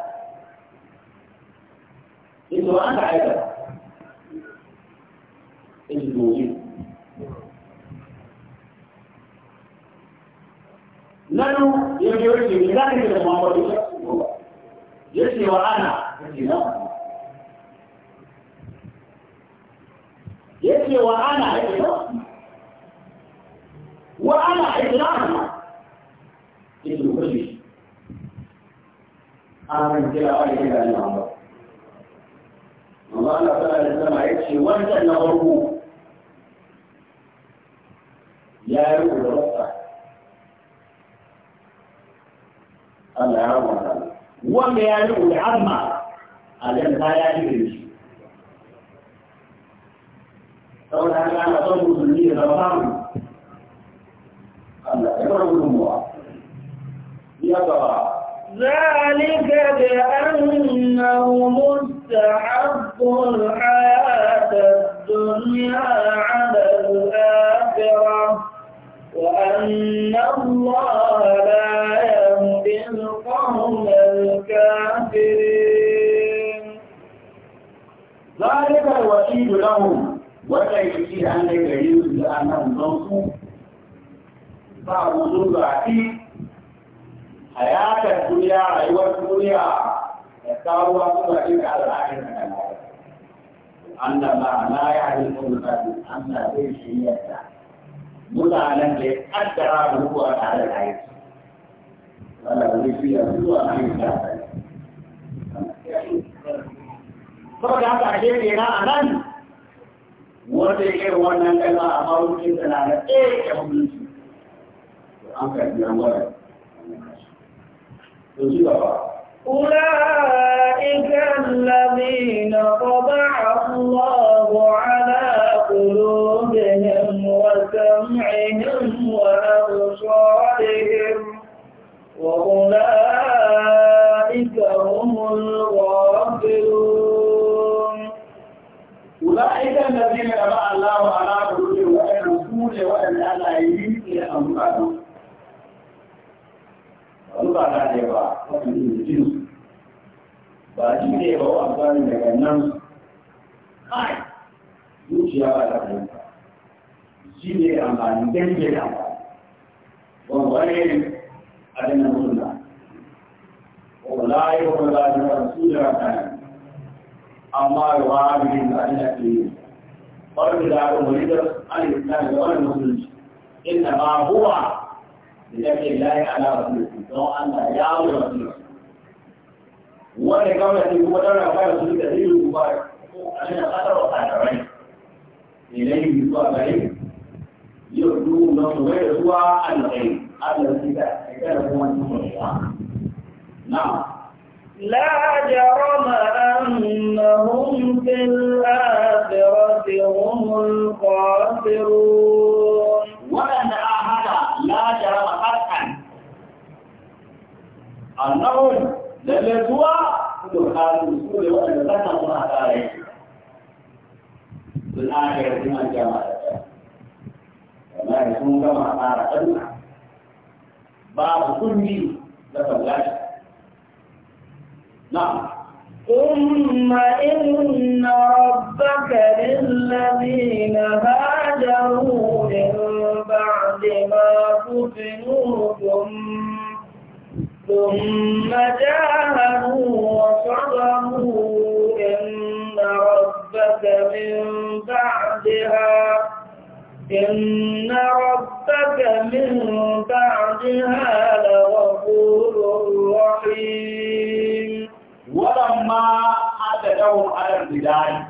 إني هو أنا أيضا إني هو أنا نانو يجي يجي من ذاك اللي ما هو يجي وأنا يجي وأنا وأنا إطلاقا يجي يجي أنا من كلا أي كلا أنا عمر الله لا تعالى لما يجي وانت نغربه يا رب Allah ya rubuta wanda ya riƙo da amma a janta ya riƙe shi saboda haka ana son musulmi da zama samu Allah ya fara gudunmuwa ya gaba ذلك بأنهم استحبوا الحياة الدنيا على الآخرة وأن الله لا يحب الكافرين ذلك الوحيد لهم ولا يجيد أن يجيد لأنهم نصوا بعض ذرع حياة الدنيا أيوة الدنيا يتعوى مبعين على الآخرة أن ما لا يعرف الفضل أن في شيئة مدعنا لأدرى هو على العيش ولا يجيد هو على العيش saboda haka a gefe na a nan wanda ya kai wannan kalma a mawucin da na da ɗaya ya hukunci an karbi an gwada to shi gaba أولئك الذين طبع الله على قلوبهم وسمعهم وأبصارهم وأولئك ne ba wani ba shi ne ba wa amfani daga nan kai zuciya ba ta fahimta shi ne amfani da ke da amfani ban wani yi yi su da amma wa da ke yi da da an yi da wani musulunci huwa da yake layi ala don Allah ya wuri masu wanda gwamnati kuma tana kara su da zai rubu a shi na kasar wa tsadarai idan yi zuwa gare yau duhu na su bai da zuwa Allah ya yi Allah su da ya kara kuma su na لا جرم أنهم في الآخرة هم الخاسرون وأن أحد لا جرم قطعا annahun lallatuwa su kalu su ne waɗanda za ta suna tsare sun aka yi suna jama da ɗaya sun gama tsara ɗansa babu kulli da tallashi na ثم إن ربك للذين هاجروا من بعد ما فتنوا ثم ثم جاهدوا وصبروا إن ربك من بعدها إن ربك من بعدها لغفور رحيم ولما أتدعوا على البداية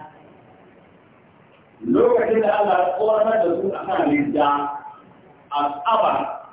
لو كان أقول قرنا دسوس أنا لله أصابه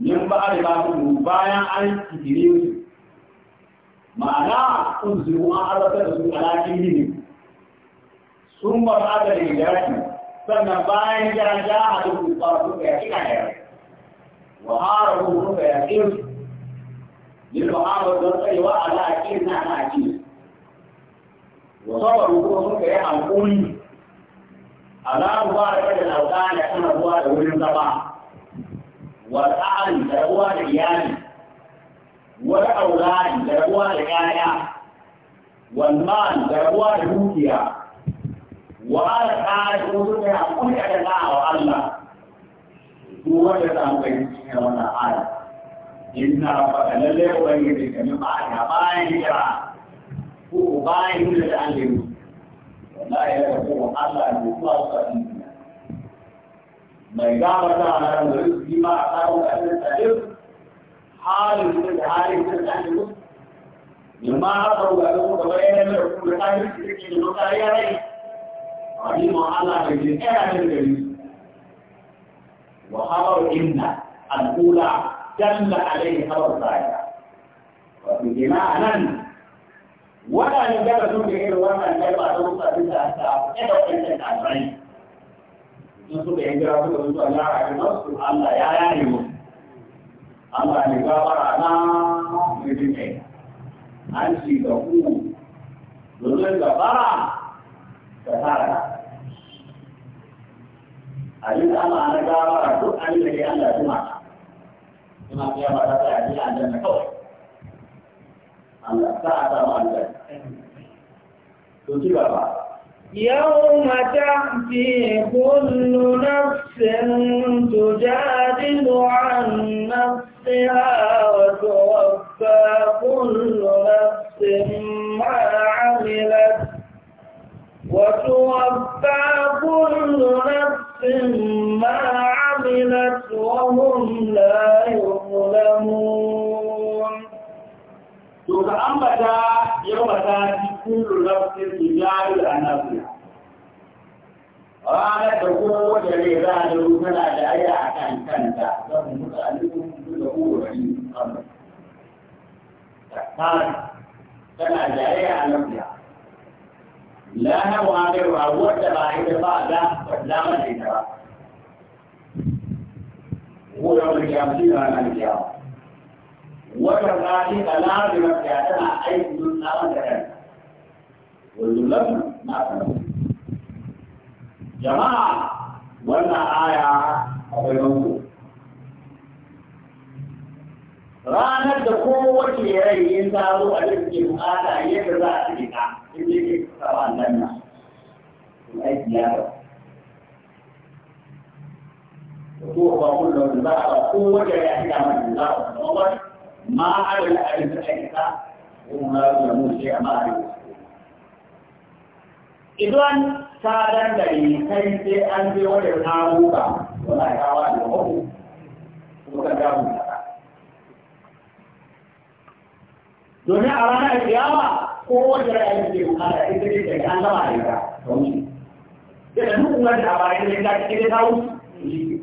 min ba a riba su bayan an kitire su ma'ana kun su an arzata da su alaƙin yini sun ba ba da rigaki sannan bayan ya ja a duk ba su ga yaƙi na yaƙi wa hara hukun ga yaƙi yin ba hara don tsayewa a laƙi na laƙi wa sabar hukun sun ga yi hankuli a za mu ba da kada na wuta da kana zuwa da wurin zama والأعلى دروا لعيالي والأولاد دروا لعيالي والمال دروا لبوكيا وعلى الآن وجودنا كل أدناء وعلى وجد أن بيتنا ولا آية إن ربك للي أبيتك من بعدها باين جرا هو باين للأنبياء لا يلقوا الله أن يتواصل mai gabata a nan wani yi ma a kawo ƙasar tsarin halin da da halin da da hannu yamma haka ga su gaba yana da kuma tsarin da ke da mutane ya rai a yi ma'ala da ke tsaya da gari wa haɓar inna al'ula dalla alaihi haɓar tsaya wato gina a nan waɗanda gara sun da irin wannan kalma ta mutane da ta ɗaya da wancan ɗalibai in suka yi gira suka zuwa lara da su Allah ya yare mu Allah ne gabara na mutum ne an ci ga ku domin gabara ta tara abin da Allah na gabara duk abin da ke Allah tuma tuma ya ba ta tsaya ji an janna kawai Allah ta ta mu an janna to ci gaba يوم تأتي كل نفس تجادل عن نفسها وتوفى كل نفس ما عملت وتوفى كل نفس ما عملت وهم لا يظلمون to ka ambata yau ba ta ci kullu nafsin tijari a nafsiya ranar da kowace rai za a da rukuna da aya a kan kanta za mu muka alikun da kowace rai tana da aya a nafsiya la na mu'amir ba wadda ba ita ba da lamar da ita ba ko yau da kyamci da ranar kyamci وكذلك لا بمكياتنا أي بدون نعم كذلك والجملة ما تنسى جماعة ولا آية أخوي منصور ranar da kowace rai ya zaro a cikin bukata yadda za a cika in ji ke kawo nan na aiki ya ba ko ba kullum za a ba kowace rai a cika mai za a ba ما على الأرض الحقيقة وما يموت شيء ما عليه إذن سادن دليل كيف أنت ولو نعوك ولا يعوان يوم وكذا domin a ranar kiyama ko wata ra'ayin ke bukata ita ce daga an zama da ita domin da duk wanda a bayan da ta cikin ta wuce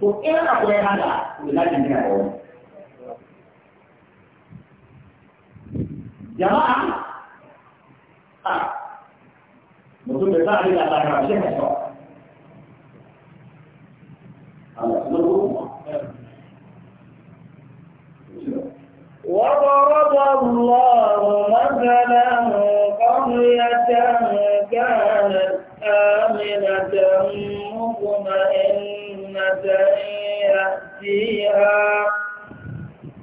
to in akwai haka to za ki gina wani jama'a a mutum da za a rika ta kara shi وضرب الله مثلا قرية كانت آمنة مطمئنة جنة يأتيها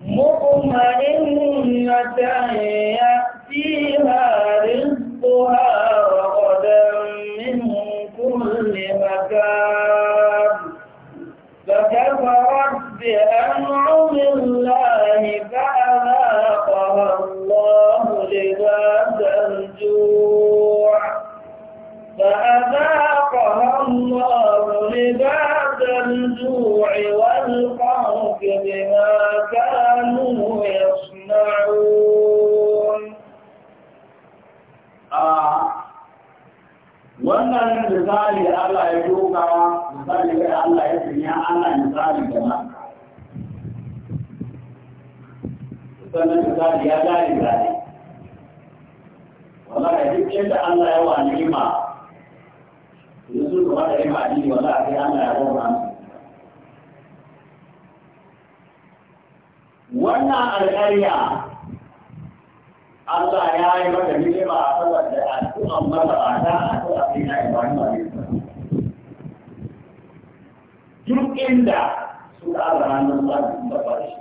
مطمئنة يأتيها رزقها رغدا من كل مكان فكفرت بأنعم الله فأذاقها الله لباس الجوع فأذاقها الله لباس الجوع والخوف بما كانوا يصنعون wannan misali Allah ya misali da Allah ya tunya ana misali da sannan misali ya gari gari duk yadda Allah ya wa ni'ima yanzu da wata yin addini ba za a kai ana yawon ransu wannan alƙarya Allah ya yi mata ni'ima a saboda addu'an mazabata a so a fina Ibrahim alaihi duk inda suka aza hannun sa da farshe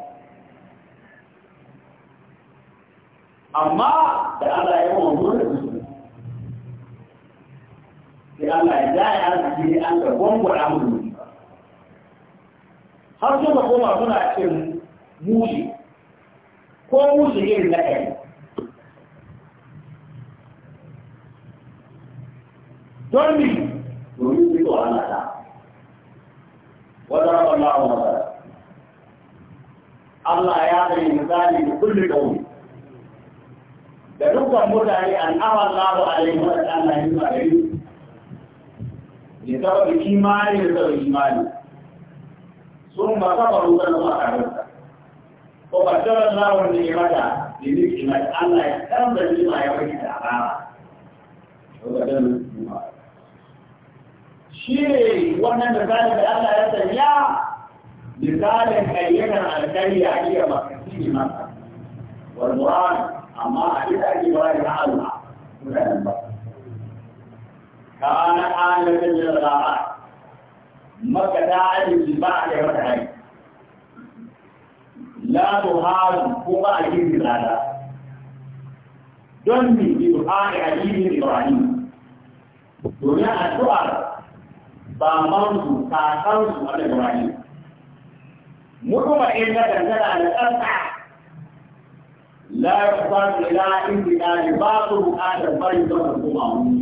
amma da Allah ya yi wa mutum sai Allah ya ja ya arziki an ga gwangwara har koma suna ko mushi yin na don mi domin fito ana ta wadda rabon Allah ya zai misali da kulle ƙauni da dukkan mutane an awon la'awar alaihi wasu Allah yi لسبب الإيمان لسبب الإيمان ثم كفروا كما كفرت وبشر الله النعمة لنعمة أن يكتم بما يفعل الأعمال shi wannan misalin da Allah ya sanya misalin kayyakan alkari a iya makasi ne maka wal amma a ita ake bayar da Allah كان حالة للغارات مكة تعالي بعد ركعين لا تهاجم فوق أجيب الغادة دمي بدعاء علي إبراهيم دنيا الدعاء بامرت تاكرت على إبراهيم مطمع إلا تنزل على الأربع لا يحتاج إلى انتقال باطل هذا الفريق من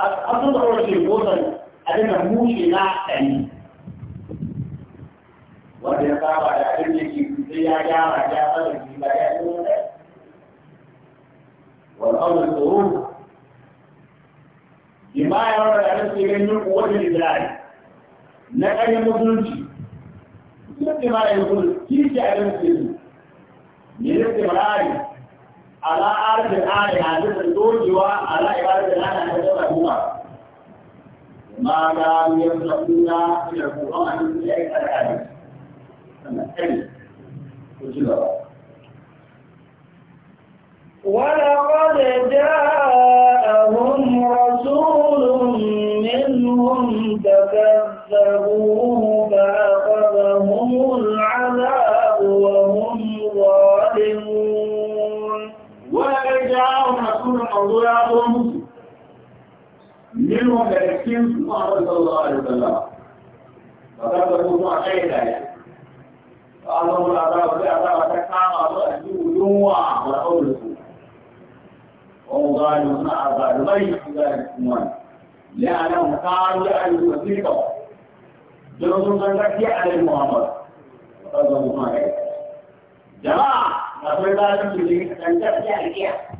أصلا أول شيء وصل أنا موشي لا أعني wanda ya saba da abin da ke sai ya gyara ya tsara shi ba ya yi wani wal amr turun bima ya wanda da nake ganin ku wani Isra'il na kayan musulunci duk da ma ya gudu shi ke abin da ke ne ne ke marari على عرض الآية يعني عزيز الدول جوا على عبادة الآية عزيز الأبوة ما كان يمسكون في القرآن من أي أرعاد تمثل ولقد جاءهم رسول منهم فكذبوه فأخذهم العذاب وهم ظالمون kawo masu da mazo ya zo musu min wanda da cikin su ma da sallallahu alaihi wasallam ba za ka zo a kai da ya ba a zama da za a za a ta kama su a cikin yunwa ba a ɗaure su wani gani suna a zalimai su gani kuma ne a nan kawo ya a yi wasiƙa don sun san gaskiya a yi muhammad ba za mu ma kai jama'a akwai ba su ne a kan gaskiya a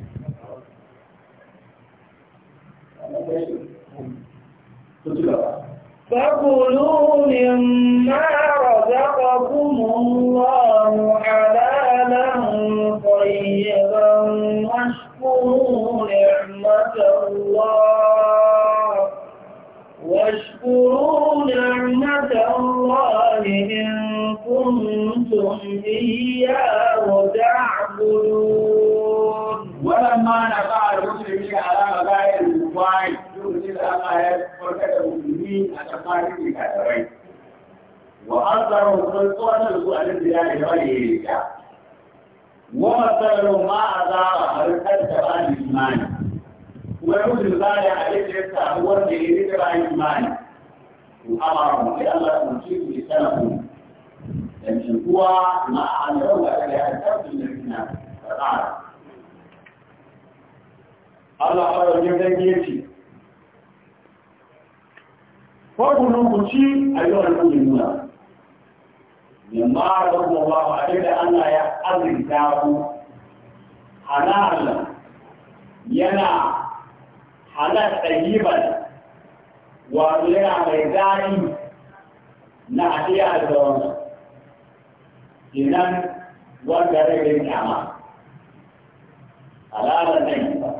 فكلوا مما رزقكم الله حلالا طيبا واشكروا نعمة الله واشكروا نعمة الله إن كنتم إياه تعبدون ولما نفع المسلمين على مبايع الكفار يرسل الآيات فركة المسلمين أتقارب الكافرين وأثروا سلطان السؤال البلاد غير ذلك ومثلوا ما أثار حركة تبع الإيمان ويوجد ذلك عليك يستعبون بإيد تبع الإيمان وأمرهم إلى الله تنشيط لسانهم لأن القوى ما عملوا ولا يعتقد من الإيمان فقال Allah fara yin dange ce farkunan ku ci a yau da kuma nuna yamma da kuma ba ku a da Allah ya azinta ku halal yana halar ɗayiban wato yana mai zari na haɗiya da wani inan wanda rage kyama yi ba.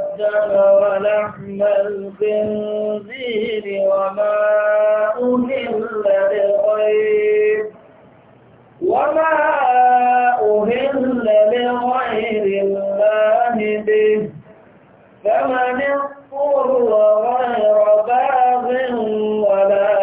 الدم ولحم الخنزير وما أهل للغير وما أهل لغير الله به فمن اضطر غير باغ ولا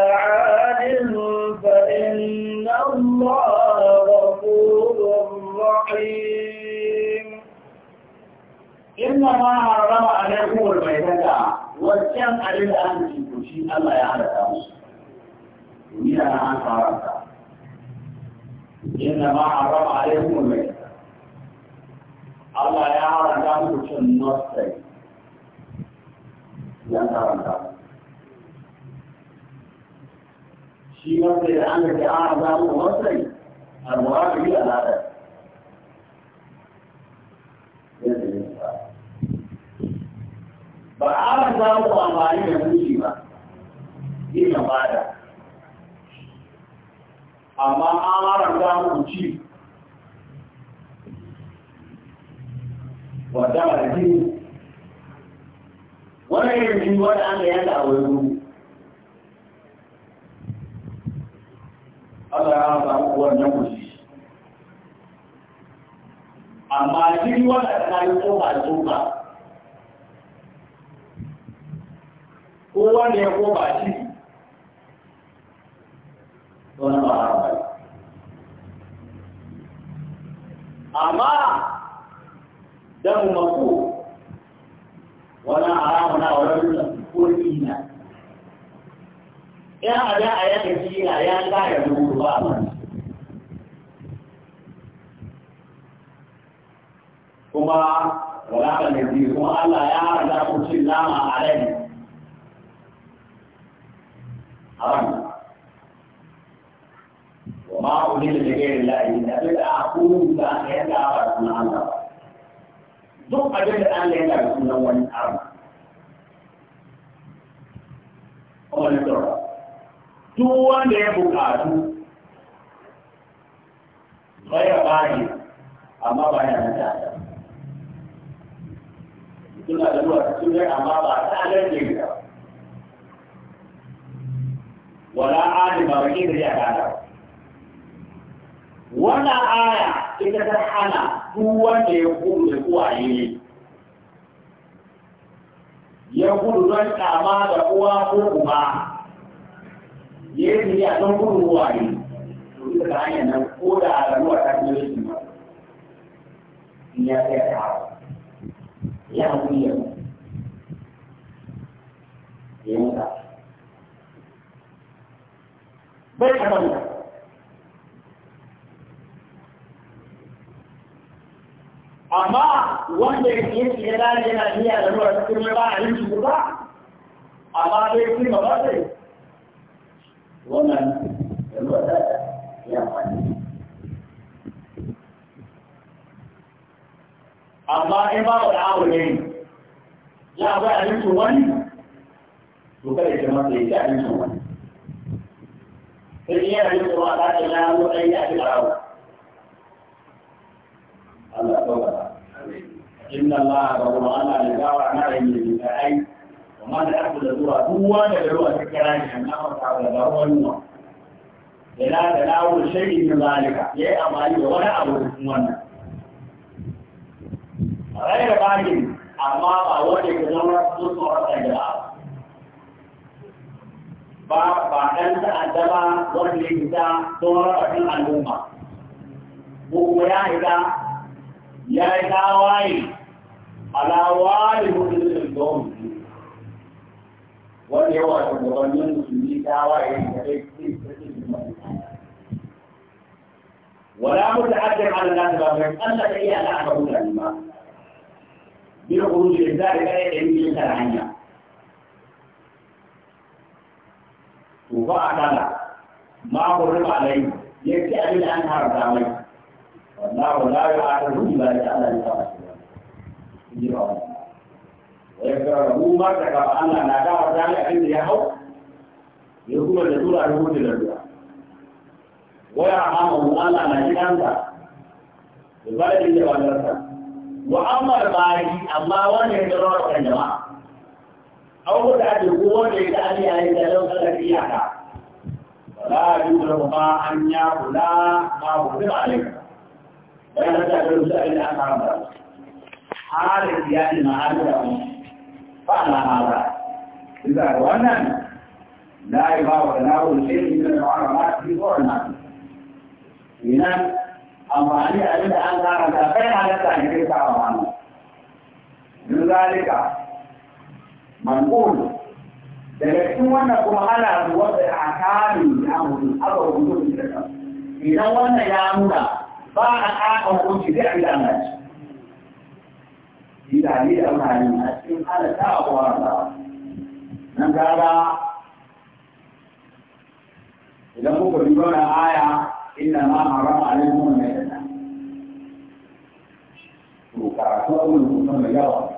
ما حرم عليكم الميتة والكم على أن تشركوا الله يعلم ومن أنا أن حرمت إنما حرم عليكم الميتة الله يعلم أن تشركوا yang haramkan. Siapa yang anda diarahkan menguasai, al-murad bila ada. Jadi, ba a za ku amfani da mushi ba yin bada amma amara haranta muku ci wadda ba jini wani irin jini wanda an da yanda a wani Allah ya ba ku wannan kushi amma jini wanda ta yi tsoka tsoka kowa ne ya koma shi wani ba amma damu mako wani haramu na wani rufin ko ina yan abin a yanka shi na ya kare ruru ba a kuma wani kan yanzu kuma Allah ya haɗa ku cin nama a rai حرام وما أهل لغير الله إن أبدا أقول لا يدعى رسول الله duk abin da an yana da sunan wani arna kuma na tsoro duk wanda ya bukatu baya bani amma ba ya na tsada suna da zuwa su ne amma ba ta nan ne ba wala alim ba baki da ya gada wannan aya ita ta hana duk wanda ya gudu da uwaye ne ya gudu don kama da uwa ko uba ya yi ya don gudu uwaye to ita ta hanyar nan ko da alamu a ta kuma shi ya kai ta ya hankali ya mutu ya mutu bai haram amma wanda yake yana yana niyya da ruwa cikin ba a yin shi ba amma dai kun ba ba sai wannan da ruwa da ya fani amma in ba da abu ne ya ba a yin shi wani to kada ya masa ya ci a yin shi wani dunia ini berwakat dengan mudah yang dilarang. Allah taala. Inna Allah bahwa Allah ligawa na ini dikai. Waman aku da zuwa duwa da ruwa cikin nan na fara da ruwan mu. Ila da lawo shay'in min zalika. Yayi amali da wani abu cikin wannan. Rai da bani amma ba wanda ke zama su tsoron da ba ba dan ta'adda ba wanda ya fita sauran abin al'umma ko kuma ya riga ya yi tawaye alawari mutum da wanda yawa da gabanin musulmi tawaye da kai ولا متعذر على الناس بابهم أن تأيي على أحد الأئمة بالخروج لذلك أي من hanya. وبعد ما قرب عليه يكفي أبي الآن هرب عليه والله لا يعاقبه بما جعل لله ويكره ما تكفى أن أنا دعوة ذلك عند يهو يقول الرسول الرسول لله ويرحمه أن لا يجد ببلد جوالته وأما الباقي أما وين يدرس الجماعة أو قد أدركوا وين يتأذي عليه لو سلك إياها لا يظلم ما أن يأكل ما وضع عليك ولا تأكل إلا أن أمر حال ما المعادلة فعل هذا إذا وأنا لا يباوع له شيء من المعلومات في صور المعلومات إذا أمرني أجد أن أرى فين على التأكيد من ذلك منقول daga cikin wannan kuma ana ruwa da akami da amuri aka hukunci da kan idan wannan ya nuna ba a aka hukunci da abin da ana ci da ne da ana yi a cikin ana ta a kowa da nan gara idan kuka duba wannan aya inna ma harama alaikum wa mayyitana to karatu abun da kuma yawa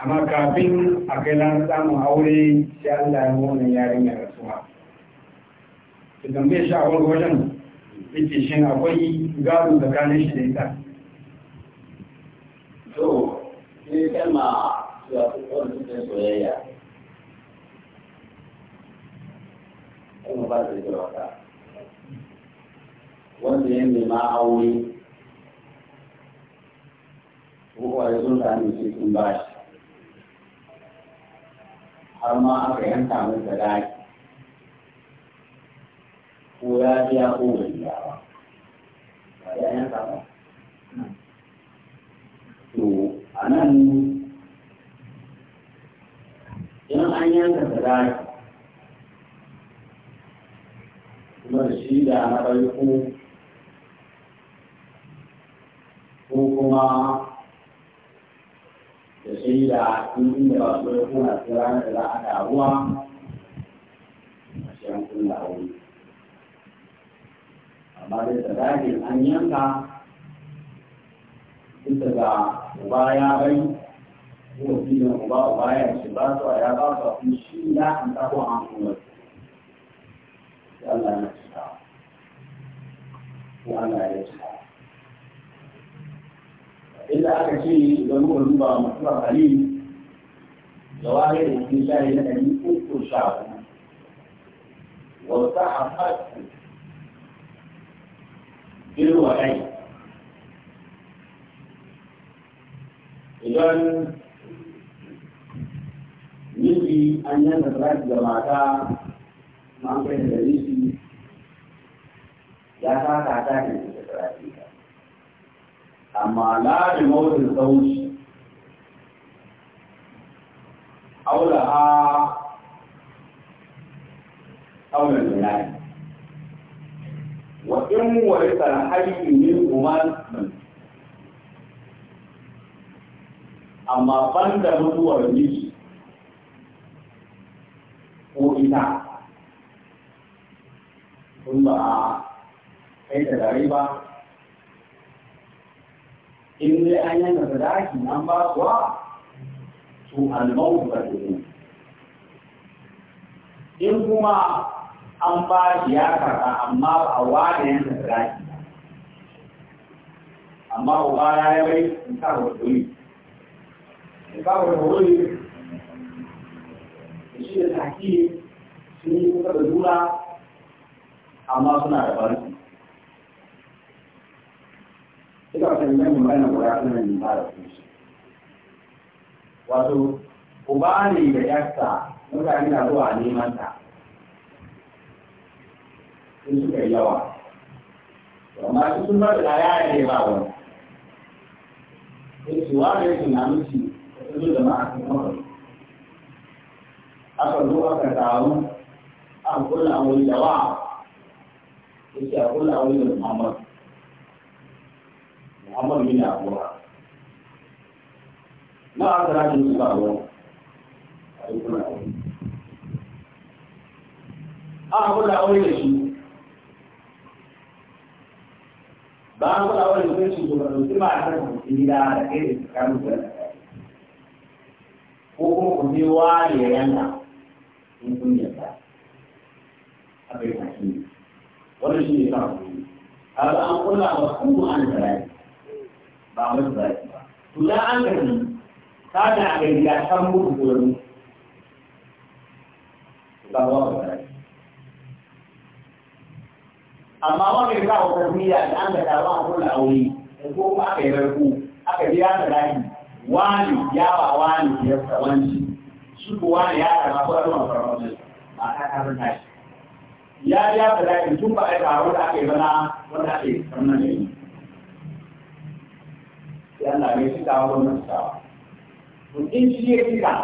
amma kafin a kai lan samun aure sai Allah ya wannan yarinya rasuwa da tambaye sha a wani wajen yake shin akwai gado tsakanin shi da ita to ne kalma ya fi kwanci soyayya kuma ba su da wata wanda ya nema aure kowa ya zo da ne sai kun ba shi har ma aka yanka mai sadaki ko ya biya ko bai biya ba ba ya yanka ba to a nan in an yanka sadaki kuma da shi da na farko ko kuma sai da sun inda ba ya da kuna sai ranar da za a da ruwa a shirin kulla a wuri amma dai da zagin an yanka bisa ga uba ya bai ko filin uba uba ya ce ba su a ya ba su a kun shi ya an tako an kuma Allah ya cika ko Allah ya cika إلا أكثي لنوه المبا مطلع قليل جواهر الإنسان الذي كل شعبه وارتاح بالوعي إذن miji an yanka talaki ga mata ma an kai da rishi ya amma la da mawutin sauci aula a auren zinari wa in warisa haifin yin umar amma ban da mutuwar miji ko ita kun ba a kai da ba in dai an yanka sadaki an ba kuwa to almau ba ne in kuma an ba shi ya karɓa amma ba a wada yanka sadaki amma uba ya yi bai in ka wato yi in ka wato yi shi da taki sun yi kuka da juna amma suna da barci ita wata mai magana guda suna yin ba da su wato uba ne da yarsa mutane na zuwa neman ta sun suka yi yawa amma su sun bada da yaya ne ba wani sai su ware su na miki da su da ma'a su mawari aka zo aka taru aka kulla a wani da wa yake a kulla a wani da muhammadu محمد بن عبد الله ما أعتقد أن يستطيع أقول أول شيء بعد أول شيء ثم أعتقد إلى أخير كم ko kuma ku je ware yanka in kun yarda a bai kashi wannan shi ne kan kuma kaga an kula wa kuma an tsaya ba masu zaki ba to na an gani ta da a gani ya san muku gurin ba ba ba zaki amma wani ba kawo tarmiya da an ga taron a kula aure ko kuma aka yi rarku aka biya da zaki wani ya ba wani ya tsawanci shi ko wani ya karba ko ɗan mafarmacin ba ta karin tashi ya biya da zaki tun ba a yi taron da aka yi bana wanda ake sannan da yi sai Allah mai shi ta wannan sawa to in shi ya kika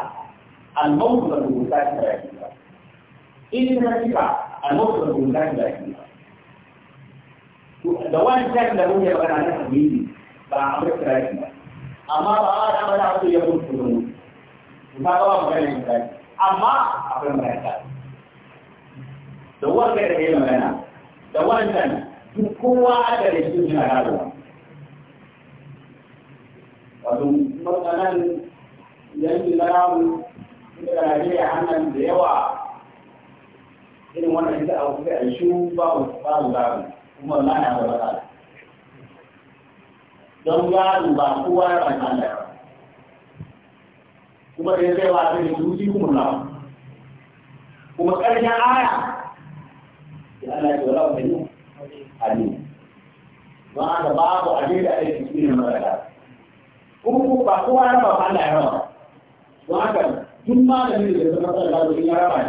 al-mawdu da rubuta shi da kika in ka kika al-mawdu da rubuta shi da kika to da wani tsarin da mun yi magana na hadisi ba a mai kiraki ba amma ba a da mana abu ya mutu ne ba ba magana ne kiraki amma akwai magana ta da wanda ya yi magana da wannan duk kowa aka da shi yana gado faɗin matsanan yanki na ramu da rage a hannun da yawa irin wannan ita a kuka a shi babu babu babu kuma na na da matsala don gado ba kowa ya ban Allah ba kuma da ya zai ba zai duji kuma na kuma ƙarshen aya ya Allah ya wala wani hadin ba da babu abin da ake cikin mara kuma ba kowa ya raba Allah ya raba don haka duk malamin da zama tsara gado in ya raba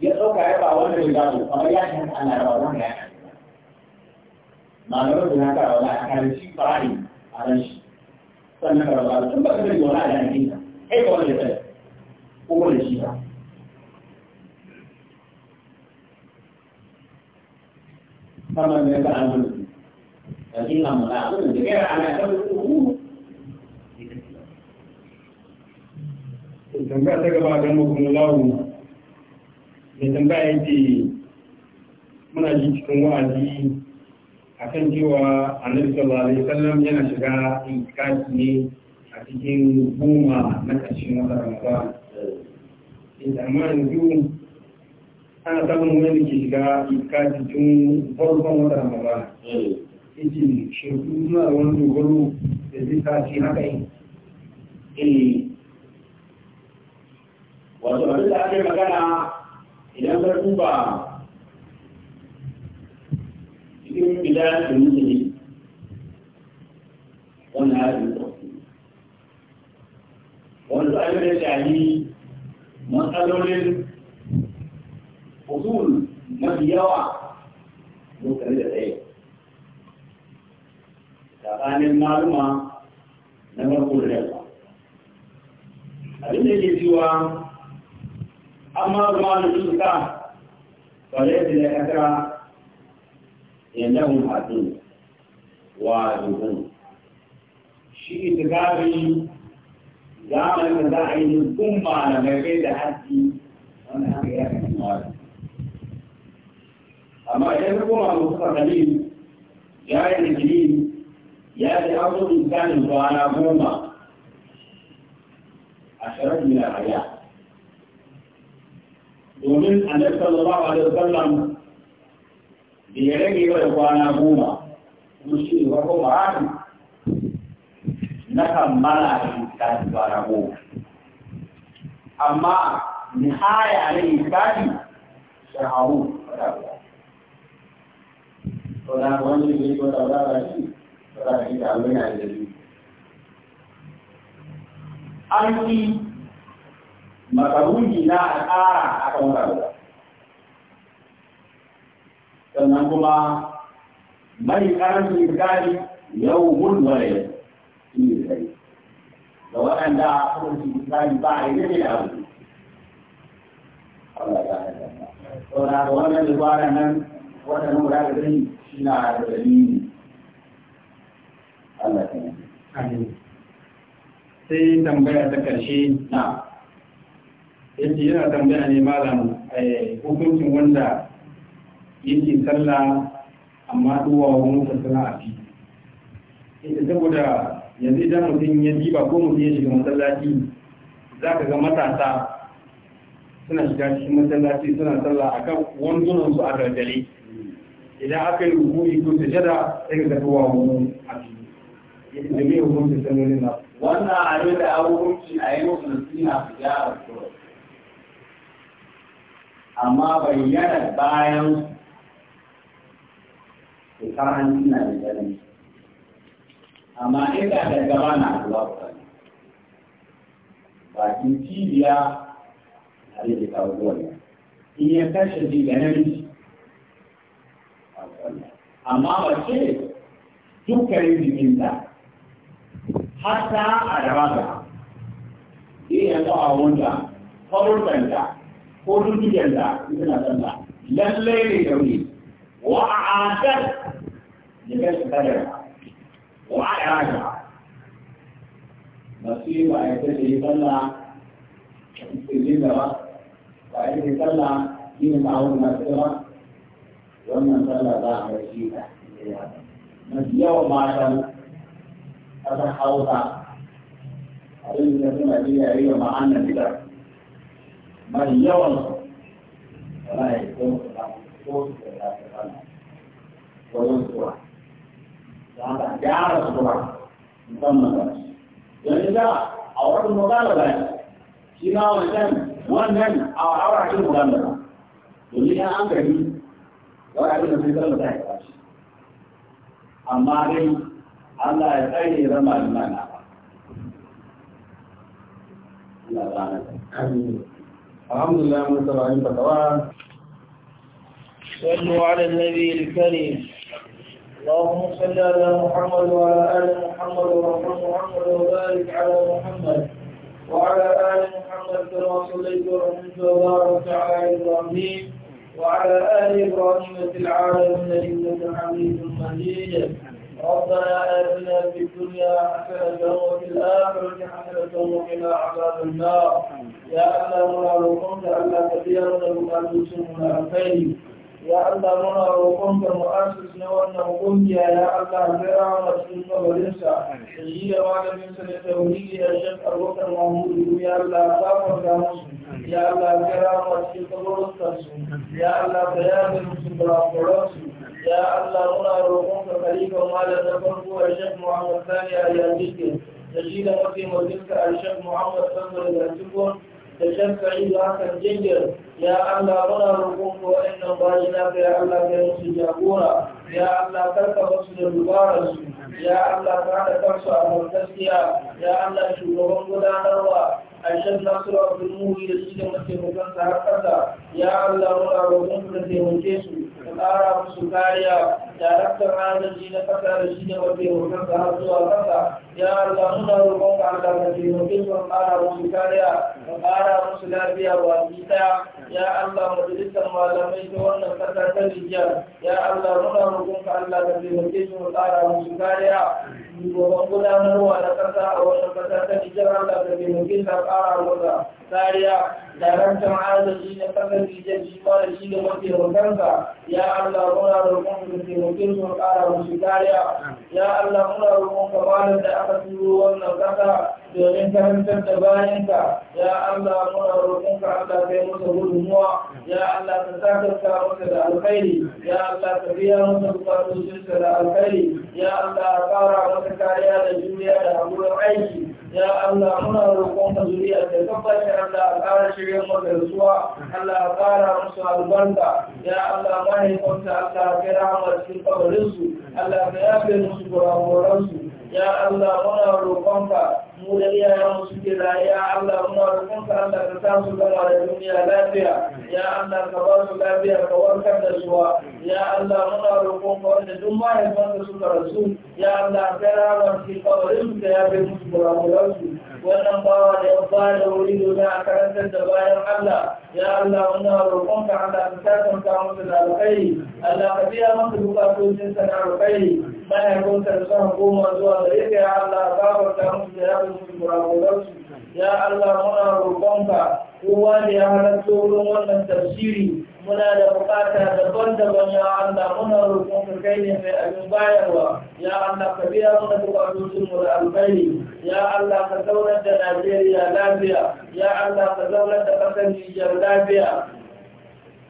shi ya ɗauka ya ba wanda ya gado amma ya shi haka Allah ya raba wanda ya shi malamin da haka raba a karanci fara'i a ran shi sannan ka raba tun ba ka gani wani ala ne ka kai ka wanda ya tsaya ko wanda shi ba kamar ne ka amince da ina mana abin da kai ana kan ruhu tambaya ta gaba don makon lawo da tambaya yake muna ji cikin wa'azi a kan cewa annabi sallallahu alaihi wasallam yana shiga itikafi ne a cikin goma na ƙarshen wata ramadan inda eh, amma yanzu ana samun wani da ke shiga itikafi tun farkon wata ramadan yake shekaru suna wani dogaro da zai sa shi haka yi eh, wato abin da aka yi magana idan ka duba cikin bidayar da wani wannan ya yi wanda za a yi da shahi matsalolin usul mafi yawa lokacin da tsaye tsakanin maluma na farko da yawa abin da ke cewa أما السلطان فليس أترى إنهم عدو واجبون شيء تقابل زمن الزعيم الأمة على ما بيد حدي وانا حقيقة أما إذا كنا مصطفى قليل جاي الجليل يأتي أفضل إنسان فأنا بوما أشرت من الحياة domin annabi sallallahu alaihi wasallam da ya rage wa kwana goma kuma shi ne wako ma'adu na kammala da iskari kwana goma amma nihaya na iskari shaharu da guda to na wani ne ko da wata shi wata shi da abin da ya an yi makaruhi na a ƙara a kan wata sannan kuma mai ƙarancin iskari yau mun wale shi ne sai. Da waɗanda a ƙarancin iskari ba a yi ne da abu sau da haka wannan zubaran nan wata nan guda da zai shi na da dalili Allah ta yi. Sai tambaya ta ƙarshe na yake yana tambaya ne malam eh, hukuncin wanda yake sallah amma wani sassana a fi ita saboda yanzu idan mutum ya diba ko mutum ya shiga masallaci za ka ga matasa suna shiga cikin masallaci suna sallah a kan wanzunan su a gargale idan aka yi hukumi ko jada sai ka tafi wa wani a yake da mai hukunci sallolin na wannan a yau da hukunci a yi musu nasiha su gyara su amma bayyana bayan su karanci na da tsanani amma ina da gaba na zuwa kusurani bakin cibiya a rage kawo zuwa ne in ya kashe ji da namiji amma ba ce dukkanin jikinta hatta a gaba ga iya yanzu wunta wunda farurbanta ko dukiyar da yana sallah lallai ne dauri wa a'adar ya ga shi kadar wa a'adar masu yi ba ya ta yi sallah su yi gaba ba ya ta sallah yi ma wani masu gaba wannan sallah za a rashi ta masu yawan matan ƙasar hausa abin da suna iya yi wa ma'anar gida mai yawan ana yi don suna ko su da ya fi wajen suwa da haka gyara suwa musamman da shi yanzu da a wurin mugala ba shi ma wancan wannan a wurin mugala ba domin ya an gari wani abin da sun zama ta yi ba shi amma dai Allah ya tsaye zama limana ba. Allah ba na ta. Amin. الحمد لله saurari fatawa صلوا على النبي الكريم اللهم صل على محمد وعلى ال محمد وارحم محمد وبارك على محمد وعلى ال محمد كما صليت ورحمت وبارك على ابراهيم وعلى ال ابراهيم في العالمين انك حميد مجيد ربنا آتنا في الدنيا حسنة وفي الآخرة حسنة وقنا عذاب النار يا الله منا روكم لألا كثيرا المؤسسون من الخير يا الله منا مؤسس كمؤسس أنه وقلت يا الله فرعا مسلم ولنسى هي بعد من سنة توحيد يا شيخ أبو المعمود يا الله كافر كمسلم يا الله فرعا مسلم ولنسى يا الله فيا من سنة ya Allah muna rokon ka khalifan malam na farko a shek Muhammad Sani a Yanjikin da shi da mafi mazinka a shek Muhammad Sambo da Yanjikon da shek Sa'idu Hassan Jingir ya Allah muna roƙon ka waɗannan bayi na ka ya Allah ka musu jagora ya Allah karka musu da dubararsu ya Allah ka haɗa kansu a gaskiya ya Allah shugaban gudanarwa a shek Nasiru Abdulmuhi da shi da mafi mazinka har ƙasa ya Allah muna roƙon da taimake su ka ƙara musu kariya Da daraktan agaji na ƙasa da shi ne wanda ya roƙon ka har zuwa ƙasa ya Allah muna roƙon ka Allah ka taimake su ka ƙara musu kariya ka ƙara musu lafiya ba ki ɗaya ya Allah majalisar malamai ta wannan ƙasa ta Nijar ya Allah muna roƙon ka Allah da taimake su ka ƙara musu kariya shugaban gudanarwa na ƙasa a wannan ƙasa ta Nijar Allah da taimake su ka ƙara musu kariya da ran jama'a da shi da kasar rijiyar shi ma da shi da ya Allah muna roƙon da taimakin su ƙara musu kariya ya Allah muna roƙon kamalar da aka turo wannan ƙasa domin karantar da bayanka ya Allah muna roƙonka Allah kai masa gudunmuwa ya Allah ka sakarta musu da alkhairi ya Allah ka biya masa bukatocinsa da alkhairi ya Allah ka ƙara masa kariya da juriya da haƙurin aiki ya Allah muna roƙonka zuriya da tabbacin Allah a ƙara shirya masa rasuwa Allah ƙara musu albarka ya Allah mahaifinsa Allah ka rahama cikin kabarinsu Allah ka yafe musu kurakuransu ya Allah muna roƙonka mu ya iyayen suke da ya Allah muna da ka Allah ka sa su gama da duniya lafiya ya Allah ka ba su lafiya ka warkar da suwa ya Allah muna roƙon ka da duk mahaifan da suka rasu ya Allah ka rama su kabarin da ya bai musu kuramuransu wannan bawa da ya bada wuri domin a karantar da bayan Allah ya Allah wannan roƙonka Allah ka sakamta musu da alkhairi Allah ka biya masa bukatocin sa na alkhairi bayan gonta da son goma zuwa da yake ya Allah ka barka musu da yaɗa musu buraburansu ya Allah muna roƙonka kowa da ya halarta wurin wannan tafsiri muna da bukata daban-daban ya Allah muna roƙon ka kai ne mai abin bayarwa ya Allah ka biya mana bukatun mu da alkhairi ya Allah ka zaunar da Najeriya lafiya ya Allah ka zaunar da ƙasar Nijar lafiya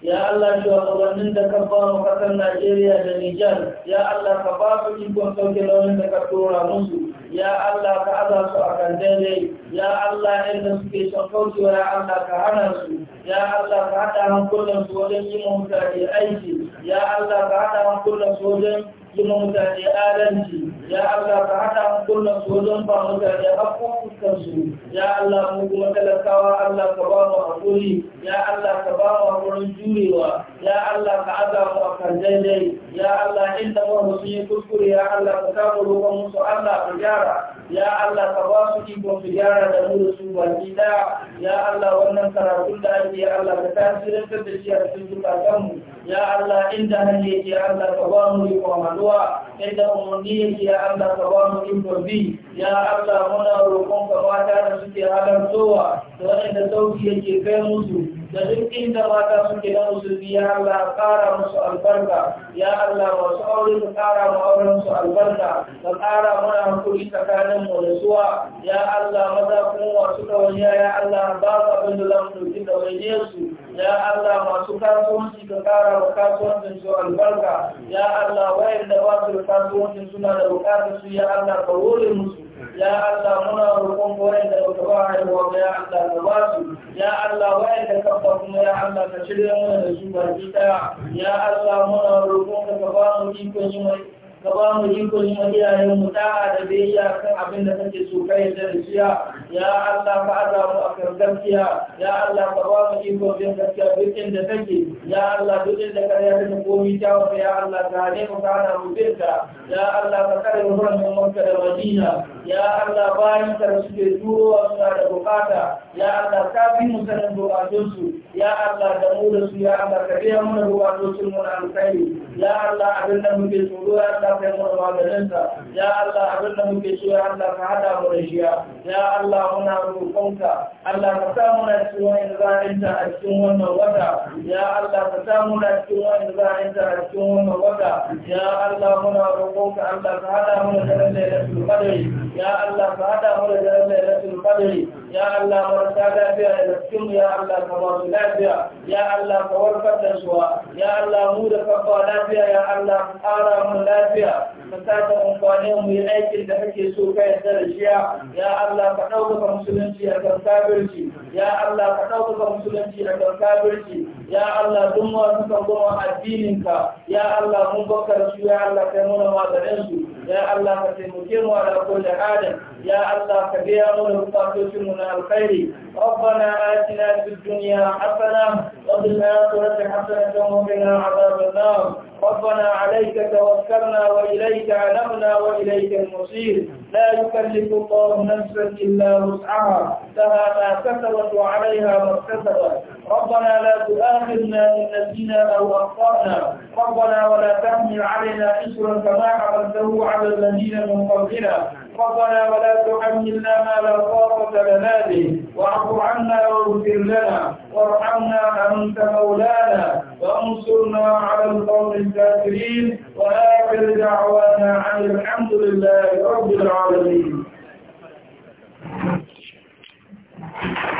ya Allah shugabannin da ka ba mu ƙasar Najeriya da Nijar ya Allah ka ba su ikon sauke launin da ka tura musu ya Allah ka aza su a kan daidai ya Allah inda suke son kaucewa ya Allah ka hana su ya Allah ka haɗa hankulan su wajen yi mutane aiki ya Allah ka haɗa hankulan su wajen Gima mutane adalci ya Allah ka haɗa kullum su wajen ba mutane haƙoƙukan su ya Allah mu kuma talakawa Allah ka ba mu haƙuri ya Allah ka ba mu jurewa ya Allah ka aza mu a kan daidai ya Allah inda mu sun yi kuskure ya Allah ka kama roƙon musu Allah ka gyara ya Allah ka ba su ikon su gyara da mu da su baki ɗaya ya Allah wannan karatun da ake ya Allah ka tasirantar da shi a cikin zukatanmu ya Allah inda hali ke Allah ka ba mu ikon haduwa inda umarni yake ya Allah ka ba mu ikon bi ya Allah muna roƙon ka mata da suke halartowa da waɗanda sauki yake kai musu da duk inda mata suke da musu ya Allah kara musu albarka ya Allah masu aure ka kara mu auren su albarka ka kara muna hankuri tsakanin mu da suwa ya Allah maza kuma wasu ɗawainiya ya Allah ba ka abin da za mu da wani su ya Allah masu kasuwanci ka kara wa kasuwancin su albarka ya Allah wayar da ba su da kasuwancin suna da bukatar su ya Allah ka wuri musu ya Allah muna roƙon wayar da baka ba haihuwa ba ya Allah ka ba su ya Allah wayar da kafa kuma ya Allah ka shirya mana da su baki ta ya Allah muna roƙon ka ba mu ikon yi mai ka ba mu ikon yi mai iyayen mu ta'a da biyayya kan abin da kake so kai da siya ya Allah ka azabu a kan gaskiya ya Allah ka ba mu iko bin gaskiya duk inda take ya Allah duk inda ka ya take komai ta wa ya Allah ka hade mu ka mu rubinka ya Allah ka kare mu ran mun makka da madina ya Allah bayan ka suke turo suna da bukata ya Allah ka bi mu sanin bukatun su ya Allah da mu da su ya Allah ka biya mu da bukatun su mun alkhairi ya Allah abin da muke tsoro ya Allah kai mu maganin ya Allah abin da muke so ya Allah ka hada mu da shi ya Allah muna roƙonka Allah ka sa muna cikin wani za'inta a cikin wannan wata ya Allah ka sa muna cikin wani za'inta a cikin wannan wata ya Allah muna roƙonka Allah ka hada mu da daren lailatul qadri ya Allah ka hada mu da daren lailatul qadri ya Allah marasa lafiya da cikin ya Allah ka ba su lafiya ya Allah ka warkar da su ya Allah mu da kafa lafiya ya Allah ƙara mu lafiya ka sata amfani mu yi aikin da kake so ka yarda da shi ya Allah ka ɗaukaka musulunci a kan kafirci ya Allah ka ɗaukaka musulunci a kan kafirci ya Allah duk masu kan goma addininka ya Allah mun bakar su ya Allah kai mana maganin su يا الله كتمكين على كل حال يا الله كبير ولمطاقتم من الخير ربنا آتنا في الدنيا حسنة وفي الآخرة حسنة وقنا عذاب النار ربنا عليك توكلنا وإليك علمنا وإليك المصير لا يكلف الله نفسا إلا وسعها لها ما كسبت وعليها ما اكتسبت ربنا لا تؤاخذنا إن نسينا أو أخطأنا ربنا ولا تحمل علينا إسرا كما حملته على الذين من قبلنا ربنا ولا تحملنا ما لا طاقة لنا به واعف عنا واغفر لنا وارحمنا أنت مولانا وانصرنا على القوم الكافرين وآخر دعوانا عن الحمد لله رب العالمين Thank you.